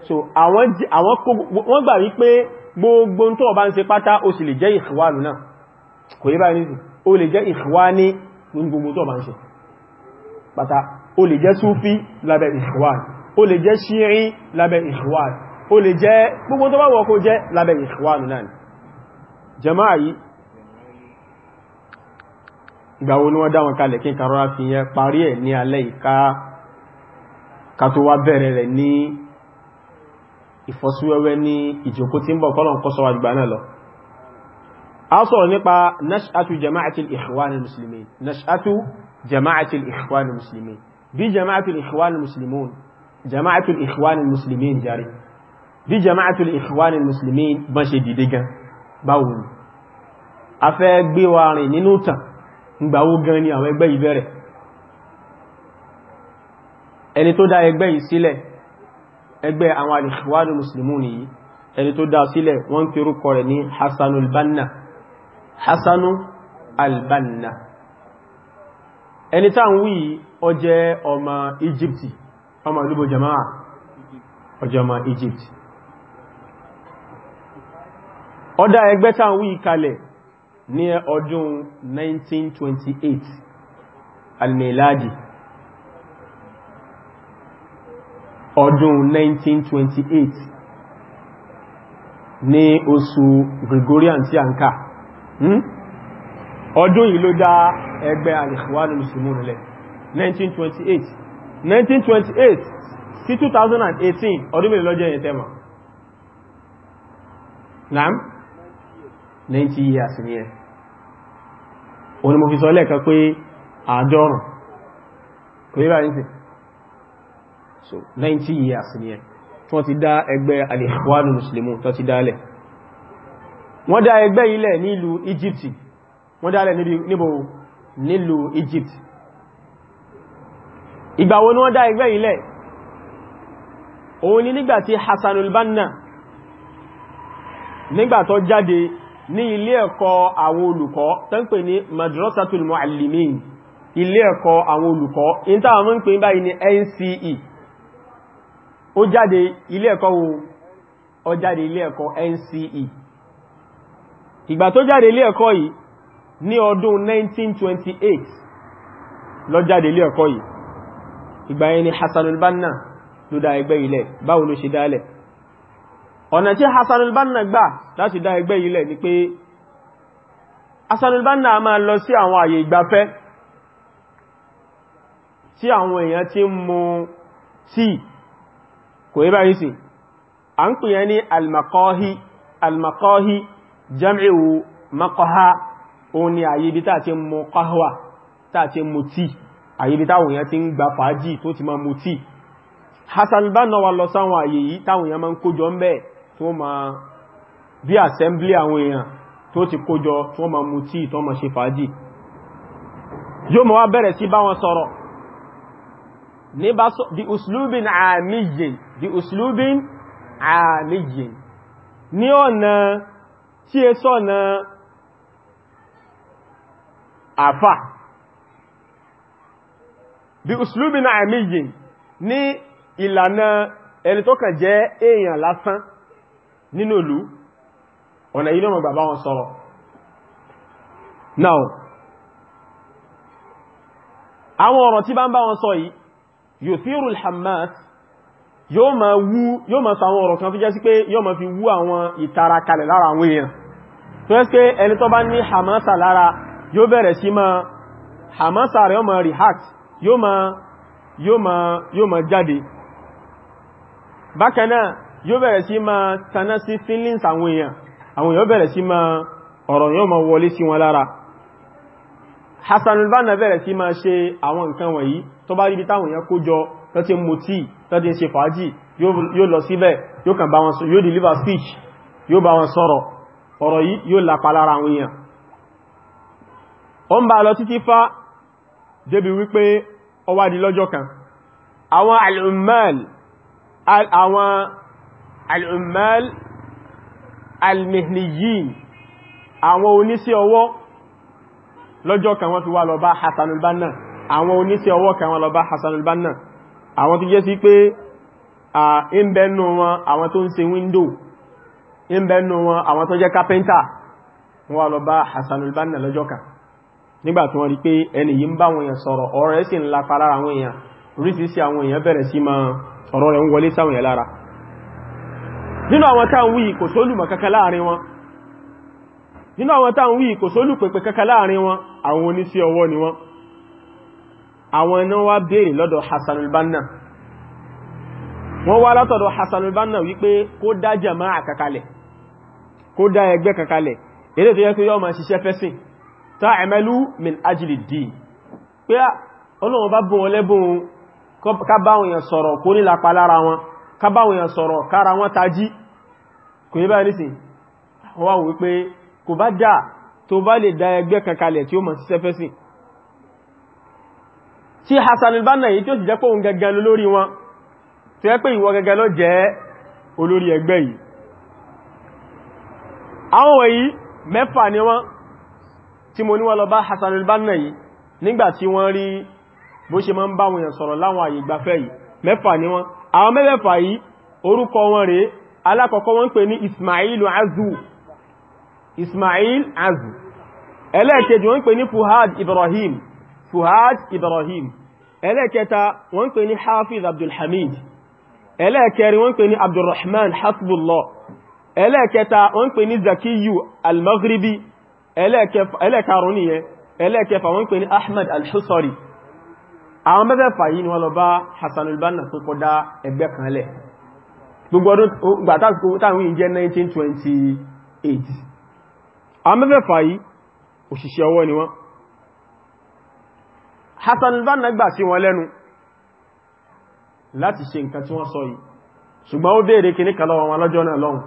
so àwọn gbà wípé gbogbo tó ọba ń ṣe pátá ó sì lè jẹ́ ìfíwánù náà kò yé báyìí sí ó lè jẹ́ ìkwáni ní gbogbo tó bá ń ṣe pàtà ó lè jẹ́ súfí lábẹ́ ìkwáni ó lè jẹ́ ṣírí lábẹ́ ìkwáni ó lè jẹ́ gbogbo tó bá wọ́ kó jẹ́ lábẹ́ ìkwáni náà jama'a yìí ìgbàwo ni wọ́n dá wọn kalẹ̀ kí n karọ́ra fi yẹn parí ẹ̀ ní alẹ́ ìká ká wá bẹ̀rẹ̀ rẹ̀ ní ìfọ́síwẹ́wẹ́ ní ìjókòó tí ń bọ̀ kọ́lọ̀ ń kọ́sọ́wà ìgbà náà lọ a sọ̀rọ̀ nípa nash'atu jama'atul ikhwanul muslimin nash'atu jama'atul ikhwanul muslimin bí jama'atul ikhwanul muslimin jama'atul ikhwanul muslimin jari bí jama'atul ikhwanul muslimin bá ṣe dìde gan báwo ni a fẹ́ gbé wa rìn nínú tàn gbàwó gan ni àwọn ẹgbẹ́ ìbẹ̀rẹ̀ ẹni tó dá ẹgbẹ́ yìí sílẹ̀ ẹgbẹ́ ikhwanul muslimin yìí ẹni tó dá sílẹ̀ wọ́n ń pèrú kọrẹ̀ ní Banna hassanu albanna ẹni tá ń wí ó jẹ́ ọmọ egypt ọmọ ìlúbò jama'a ó jẹ́ ọmọ egypt ó dá kalẹ tá ń wí kalẹ̀ ní ọdún 1928 almeladi ọdún 1928 ní osu gregorian ti a Hmm? ọdún yìí ló dá ẹgbẹ́ alìkùwánù musulmùn 1928 1928 sí 2018 ọdún mélòó lọ́jọ́ yẹn tẹ́mà naam 90 years ní ẹ òní lẹ́ẹ̀kan pé àádọ́rùn kò yíra ní so 90 years ní ẹ tí wọ́n ti dá ẹgbẹ́ alìkùwánù musulmùn tó ti dálẹ̀ wọ́n dá ẹgbẹ́ ilẹ̀ nílùú Egypt wọ́n dá ilẹ̀ níbo nílùú Egypt ìgbà ni wọ́n dá ẹgbẹ́ ilẹ̀ òun ni nígbàtí Hassan al-Banna nígbàtọ́ jáde ní ilé ẹ̀kọ́ àwọn olùkọ́ tó ń pè ní madrasatul muallimin ilé ẹ̀kọ́ àwọn olùkọ́ in táwọn mọ́ ń pè báyìí ní NCE ó jáde ilé ẹ̀kọ́ ilé ẹ̀kọ́ NCE ìgbà tó jáde ilé ẹ̀kọ́ yìí ní ọdún 1928 lọ jáde ilé ẹ̀kọ́ yìí ìgbà yẹn ni Hassanul Banna ló dá ẹgbẹ́ ilẹ̀ báwo ló ṣe dálẹ̀ ọ̀nà tí Hassanul Banna gbà láti dá ẹgbẹ́ ilẹ̀ ni pé Hassanul Banna a máa lọ sí àwọn àyè ìgbafẹ́ tí àwọn èèyàn ti ń mu tíì kò yẹ báyìí sí al-maqahi al-maqahi jam'u maqaha òun ni àyíbi tá ti mú qahwa tá ti mú tí àyíbi táwọn èèyàn ti ń gba fàájì tó ti máa mú tí Hassan Banna wa lọ sáwọn àyè yìí táwọn èèyàn máa ń kójọ ń bẹ́ẹ̀ tó máa bí assembly àwọn èèyàn tó ti kójọ tó máa mú tí tó máa ṣe fàájì yóò mọ̀ wá bẹ̀rẹ̀ sí bá wọn sọ̀rọ̀ ní bá sọ bí uslubin àmìyìn bí uslubin àmìyìn ní ọ̀nà tí ẹ na àfà bí uslubi náà àmìyè ní ìlànà ẹni tó kàn jẹ́ èèyàn lásán nínú ìlú ọ̀nà ilé ọmọ bàbá wọn sọ̀rọ̀ now àwọn ọ̀rọ̀ tí bá ń bá wọn sọ yìí yòsírùl hamas yóò máa wú yóò máa sọ àwọn ọ̀rọ̀ kan tó jẹ́ sí pé yóò máa fi wú àwọn ìtara kalẹ̀ lára àwọn èèyàn tó jẹ́ pé ẹni tó bá ní hamasa lára yóò bẹ̀rẹ̀ sí máa hamasa rẹ̀ yóò máa react yóò máa yóò máa yóò máa jáde bákan náà yóò bẹ̀rẹ̀ sí máa taná sí feelings àwọn èèyàn àwọn èèyàn bẹ̀rẹ̀ sí máa ọ̀rọ̀ yóò tó ti mú tí tó ti ṣe fàájì yóò lọ síbẹ̀ yóò kàn bá wọn sọ yóò deliver speech yóò bá wọn sọ̀rọ̀ ọ̀rọ̀ yìí yóò lápa lára àwọn èèyàn ó ń bá lọ títí fá débi wípé ó wá di lọ́jọ́ kan àwọn al'ummal àwọn al'ummal al-mihniyin àwọn oníṣẹ́ ọwọ́ lọ́jọ́ kan wọ́n fi wá lọ bá Hassan al-Banna àwọn oníṣẹ́ ọwọ́ kan wọ́n lọ bá Hassan al-Banna àwọn tó jẹ́ sí pé ìbẹ̀nù wọn àwọn tó ń ṣe window ìbẹ̀nù wọn àwọn tó jẹ́ carpenter wọ́n wá lọ bá Hassanul Banna lọ́jọ́ kan nígbà tí wọ́n rí pé ẹni yìí ń bá wọn èèyàn sọ̀rọ̀ ọ̀rọ̀ ẹ̀ sì ń lapa lára àwọn èèyàn oríṣiríṣi àwọn èèyàn bẹ̀rẹ̀ sí máa àwọn ẹ̀nà wá béèrè lọ́dọ̀ Hassan al-Banna wọ́n wá látọ̀dọ̀ Hassan al-Banna wípé kó dá jama'a kakalẹ̀ kó dá ẹgbẹ́ kakalẹ̀ eré tó yẹ kí yọ́ ma ṣiṣẹ́ fẹ́sìn ta'amalu min ajli din pé ọlọ́run bá bùn wọn lẹ́bùn kábáwọn èèyàn sọ̀rọ̀ kó nílà pa lára wọn kábáwọn èèyàn sọ̀rọ̀ kára wọn tají kò yẹ tí Hassan al-Banna yìí tí ó sì jẹ́ pé òun gẹ́gẹ́ lórí wọn tí ó pé ìwọ gẹ́gẹ́ ló jẹ́ olórí ẹgbẹ́ yìí àwọn wọ̀nyí mẹ́fà ni wọ́n tí mo ní lọ bá Hassan al-Banna yìí nígbà tí wọ́n rí bó ṣe máa ń bá wọn sọ̀rọ̀ láwọn àyè ìgbafẹ́ yìí mẹ́fà ni wọ́n Ismail Azu Ismail Azu ẹlẹ́ẹ̀kejì wọ́n ń pè ní Fuhad Ibrahim fuhad ibrahim ẹlẹ́kẹta wọ́n pè ní hafiz abdulhamid ẹlẹ́kẹrin wọ́n pè ní abdulrahman hasbullah ẹlẹ́kẹta wọ́n pè ní zakiyu almaghribi ẹlẹ́karùn nìyẹn ẹlẹ́kẹfà wọ́n pè ní ahmed alhusari àwọn mẹ́fẹ́fà yìí ni wọ́n lọ bá hassan al-banna tó kọ́dá ẹgbẹ́ kan lẹ̀ gbogbo ọdún gbàtàkùn táwọn 1928 àwọn mẹ́fẹ́fà yìí òṣìṣẹ́ ọwọ́ ni wọ́n Hassan al-Banna gbà sí wọn lẹ́nu láti ṣe nǹkan tí wọ́n sọ yìí ṣùgbọ́n ó béèrè kì ní kàlọ́wọ́ wọn lọ́jọ́ náà lọ́hùn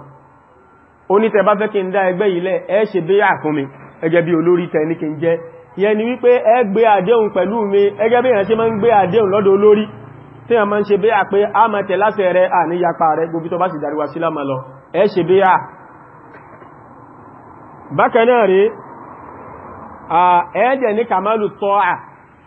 ó ní tẹ bá fẹ́ kí n dá ẹgbẹ́ yìí lẹ̀ ẹ ṣe bí yà fún mi ẹgẹ́ bí olórí tẹ ní kí n jẹ́ yẹn ni wípé ẹ gbé àdéhùn pẹ̀lú mi ẹgẹ́ bí ìrànṣẹ́ máa ń gbé àdéhùn lọ́dọ̀ olórí tí wọ́n máa ń ṣe bí yà pé a máa tẹ̀ láṣẹ rẹ à rẹ gbogbo tó bá sì dàríwá sí lámà lọ ẹ ṣe bí yà bákan náà rèé ẹ̀ẹ́dẹ̀ ní kàmálù tọ́à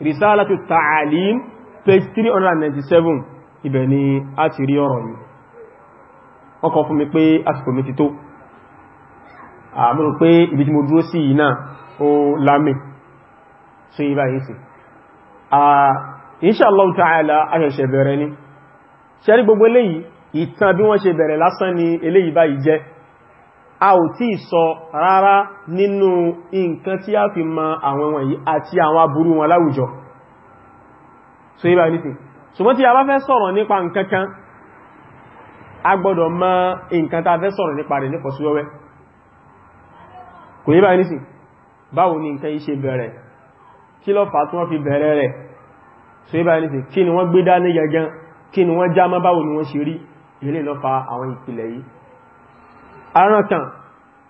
risalatu ta'alim page 397 ibẹ̀ ni a ti rí ọ̀rọ̀ yìí wọ́n kọ fún mi pé àsìkò mi ti tó àmúrò pé ibi tí mo dúró sí yìí náà ó lámì sí ibá yìí sí inshallah ta'ala a ṣẹ̀ṣẹ̀ bẹ̀rẹ̀ ni ṣẹ́rí gbogbo eléyìí ìtàn bí wọ́n ṣe bẹ̀rẹ̀ lásán ni eléyìí báyìí jẹ́ a ò tí sọ rárá nínú nǹkan tí a fi mọ àwọn wọ̀nyí àti àwọn aburú wọn láwùjọ so yíba nítí ṣùgbọ́n tí a bá fẹ́ sọ̀rọ̀ nípa nǹkankan a gbọ́dọ̀ mọ nǹkan tá fẹ́ sọ̀rọ̀ nípa rẹ̀ nípa síwẹ́wẹ́ kò yíba nítí báwo ni nǹkan yìí ṣe bẹ̀rẹ̀ kí ló fà tí wọ́n fi bẹ̀rẹ̀ rẹ̀ so yíba nítí kí ni wọ́n gbé dání gẹ́gẹ́ kí ni wọ́n já mọ́ báwo ni wọ́n ṣe rí ilé ló fà àwọn ìpìlẹ̀ yìí aràn kan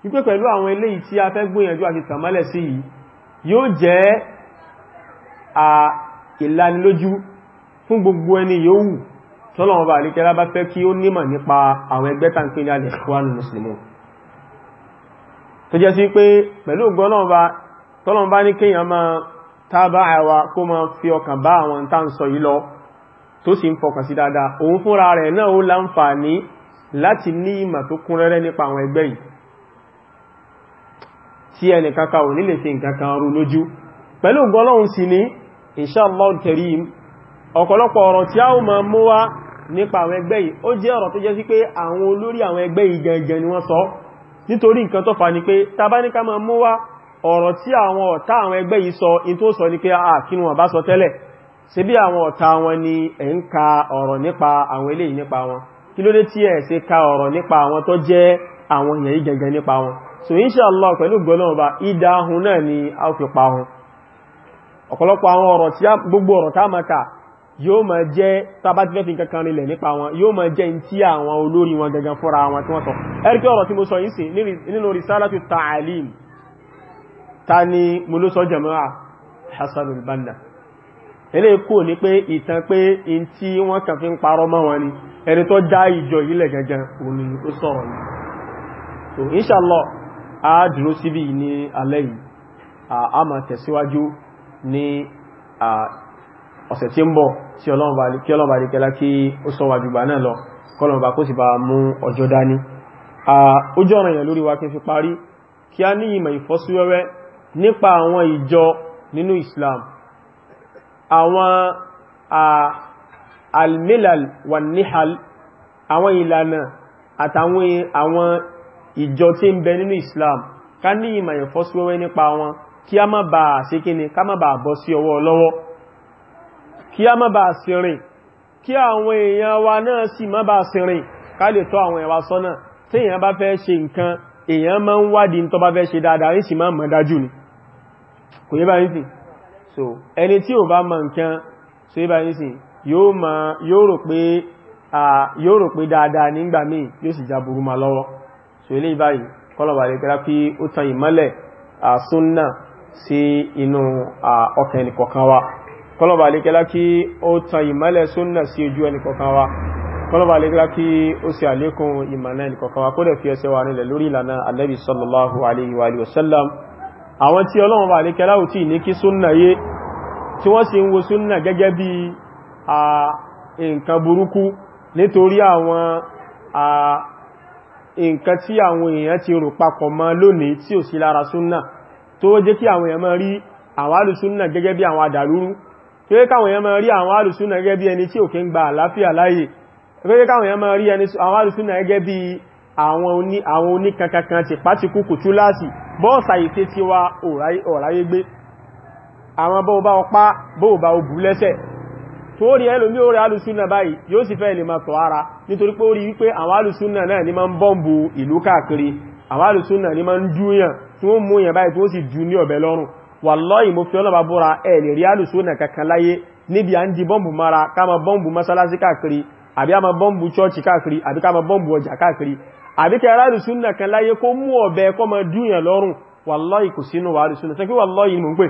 wípé pẹ̀lú àwọn eléyìí tí a fẹ́ gbìyànjú àti tàmálẹ̀ sí yìí yóò jẹ́ à ìlanilójú fún gbogbo ẹni yóò wù tọ́lọ̀wọ́ bá lè kẹ́lá bá fẹ́ kí ó nímọ̀ nípa àwọn ẹgbẹ́ tàǹkì ní alẹ́ ìwánù mùsùlùmí tó jẹ́ sí pé pẹ̀lú ògbọ́nà tọ́lọ̀wọ́ bá ní kéèyàn máa tábà àwa kó máa fi ọkàn bá àwọn tàǹsọ yìí lọ tó sì ń fọkàn sí dáadáa òun fúnra rẹ̀ náà ó láǹfààní láti ní ìmọ̀ tó kún rẹ́rẹ́ nípa àwọn ẹgbẹ́ yìí tí ẹni kankan ò nílè fi nǹkankan rú lójú pẹ̀lú gọ́lọ́hun sí ní inshallah karim ọ̀pọ̀lọpọ̀ ọ̀rọ̀ tí a ó ma mú wá nípa àwọn ẹgbẹ́ yìí ó jẹ́ ọ̀rọ̀ tó jẹ́ sí pé àwọn olórí àwọn ẹgbẹ́ yìí gangan ni wọ́n sọ nítorí nǹkan tó fà ní pé tabáníká ma mú wá ọ̀rọ̀ tí àwọn ọ̀tá àwọn ẹgbẹ́ yìí sọ in tó sọ ní pé a ah, kí wọn bá sọ tẹ́lẹ̀ ṣe bí àwọn ọ̀tá wọn ni ẹ̀ ń ka ọ̀rọ̀ nípa àwọn eléyìí nípa wọn kí ló dé tí ẹ̀ ṣe ka ọ̀rọ̀ nípa àwọn tó jẹ́ àwọn èèyàn yìí nípa wọn so inshallah pẹ̀lú gbọ́lọ́ọ̀bá ìdáhùn náà ni a fi pa wọn ọ̀pọ̀lọpọ̀ àwọn ọ̀rọ̀ tí gbogbo ọ̀rọ̀ tá máa kà yóò máa jẹ́ tàbátífẹ́ fi kankan rinlẹ̀ nípa wọn yóò máa jẹ́ in tí àwọn olórí wọn ta'alim ta ni mo jama'a Hasan al eléyìí kò ní pé ìtàn pé in tí wọ́n kàn fi ń parọ́ mọ́ wọn ni ẹni tó dá ìjọ ilẹ̀ gangan òní ó sọ̀rọ̀ yìí so inshallah a dúró síbí ní alẹ́ yìí a máa tẹ̀síwájú ní ọ̀sẹ̀ tí ń bọ̀ tí ọlọ́run bá rí kẹ́lá kí ó sọ wà jùgbà náà lọ kọ́lọ̀n bá kó sì bá mú ọjọ́ dání ojú a ní ìmọ̀ ìfọ́síwẹ́wẹ́ nípa àwọn ìjọ nínú Islam àwọn almilal wa nihal àwọn ìlànà àtàwọn àwọn ìjọ tí ń bẹ nínú Islam ká ní ìmọ̀ ìfọ́síwẹ́wẹ́ nípa wọn kí a má bàa ṣe kí ni ká má bàa bọ́ sí ọwọ́ ọlọ́wọ́ kí a má bàa sìnrìn kí àwọn èèyàn wa náà sì má bàa sìnrìn ká lè tọ́ àwọn ẹ̀wà sọ́nà tí èèyàn bá fẹ́ ṣe nǹkan èèyàn máa ń wádìí tó bá fẹ́ ṣe dáadáa ní sì máa mọ̀ dájú ni kò yé bá ń sìn so ẹni tí ò bá mọ nǹkan so ibà ní sí yóò rò pé dáadáa nígbà míì yóò sì já burú ma lọ́wọ́ so ilé ìbáyìí kọlọ̀bà lè kẹ́lá kí ó tan ìmọ́lẹ̀ àsúnnà sí inú ọkàn ẹnìkọ̀kan wa kọlọ̀bà lè kẹ́lá kí ó tan ìmọ́lẹ̀ súnnà sí ojú ẹnìkọ̀kan wa kọlọ̀bà lè kẹ́lá kí ó sì àlékún ìmọ̀nà ẹnìkọ̀kan wa kó dẹ̀ fi ẹsẹ̀ wa nílẹ̀ lórí ìlànà alaihi wa àwọn tí ọlọ́run bá lékẹ́ láwò tí ní kí súnnà yé tí wọ́n sì ń wo súnnà gẹ́gẹ́ bí a nǹkan burúkú nítorí àwọn a nǹkan tí àwọn èèyàn ti rò papọ̀ mọ́ lónìí tí ò sí lára súnnà tó jẹ́ kí àwọn èèyàn máa rí àwọn alùsúnnà gẹ́gẹ́ gẹ́gẹ́ bí àwọn alùsúnnà àwọn oníkankankan ti pátíkù kùtúláàsì bọ́ọ̀sà ìṣe ti wa ọ̀ráyé gbé àwọn bọ́ọ̀ bá ọpá bọ́ọ̀ bá ogun lẹ́sẹ̀ tó rí ẹlòmí orí alùsúnà báyìí yóò sì fẹ́ lè máa tọ̀ ara nítorí pé ó rí wípé àwọn alùsúnà náà ní máa ń bọ́m̀bù ìlú káàkiri àwọn alùsúnà ní máa ń dúyàn tí wọ́n mú yàn báyìí tí wọ́n sì ju ní ọ̀bẹ lọ́rùn wàlláhì mo mara ká máa bọ́m̀bù mọ́sálásí káàkiri àbí ká máa bọ́m̀bù chọ́ọ̀chì káàkiri àbí ká máa àbíkẹ́ aráàlù súnnà kan láyé kó mú ọ̀bẹ kọ́ mọ dúnyàn lọ́rùn wàláì kò sínú wà àrùsúnnà tẹ́kí wàláì mú pé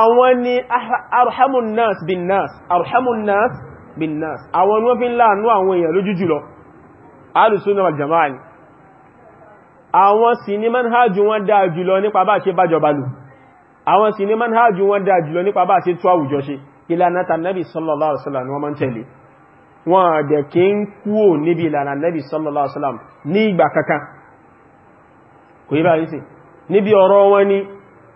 àwọn ni ah, arhamun nas bin nas arhamun nas bin nas àwọn wọ́n fi ń láàánú àwọn èèyàn lójú jùlọ àrùsúnnà wal jama'a ni àwọn sì ni manhajú wọn dáa jùlọ nípa bá ṣe bájọba lù àwọn sì ni manhajú wọn àdẹ̀ kí ń kúò níbi ìlànà Nabi sallallahu alaihi wasallam ní ìgbà kankan kò yí báyìí sí níbi ọ̀rọ̀ wọn ni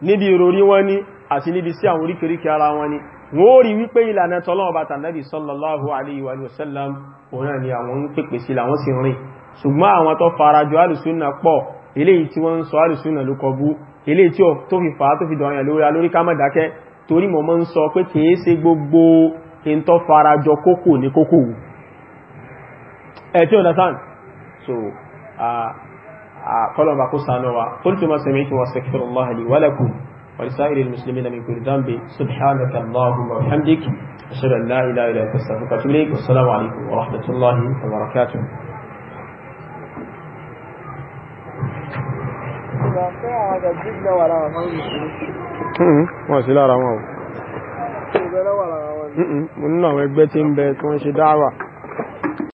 níbi ìròrí wọn ni àti níbi sí àwọn oríkèríkè ara wọn ni wọ́n ó rí wípé ìlànà tọ́lọ́ọ̀bá tà Nabi sallallahu alaihi wasallam òun ni àwọn ń pèpè sí làwọn sì rìn ṣùgbọ́n àwọn tó farajọ alùsúnà pọ̀ eléyìí tí in tó farajọ kókò ní kókò wù ẹ̀tí understand so kọlọ̀ bá kó sànú wa qultu ma sami'tu wa astaghfirullaha li wa lakum wa lisa'iril muslimina min kulli dhanbin subhanaka allahumma wa bihamdika ashhadu an la ilaha illa anta astaghfiruka wa atubu ilayk wassalamu alaykum wa rahmatullahi hmm, wọ́n sí lára wọn ò mo nínú àwọn ẹgbẹ́ tí ń bẹ tí wọ́n ṣe dáwà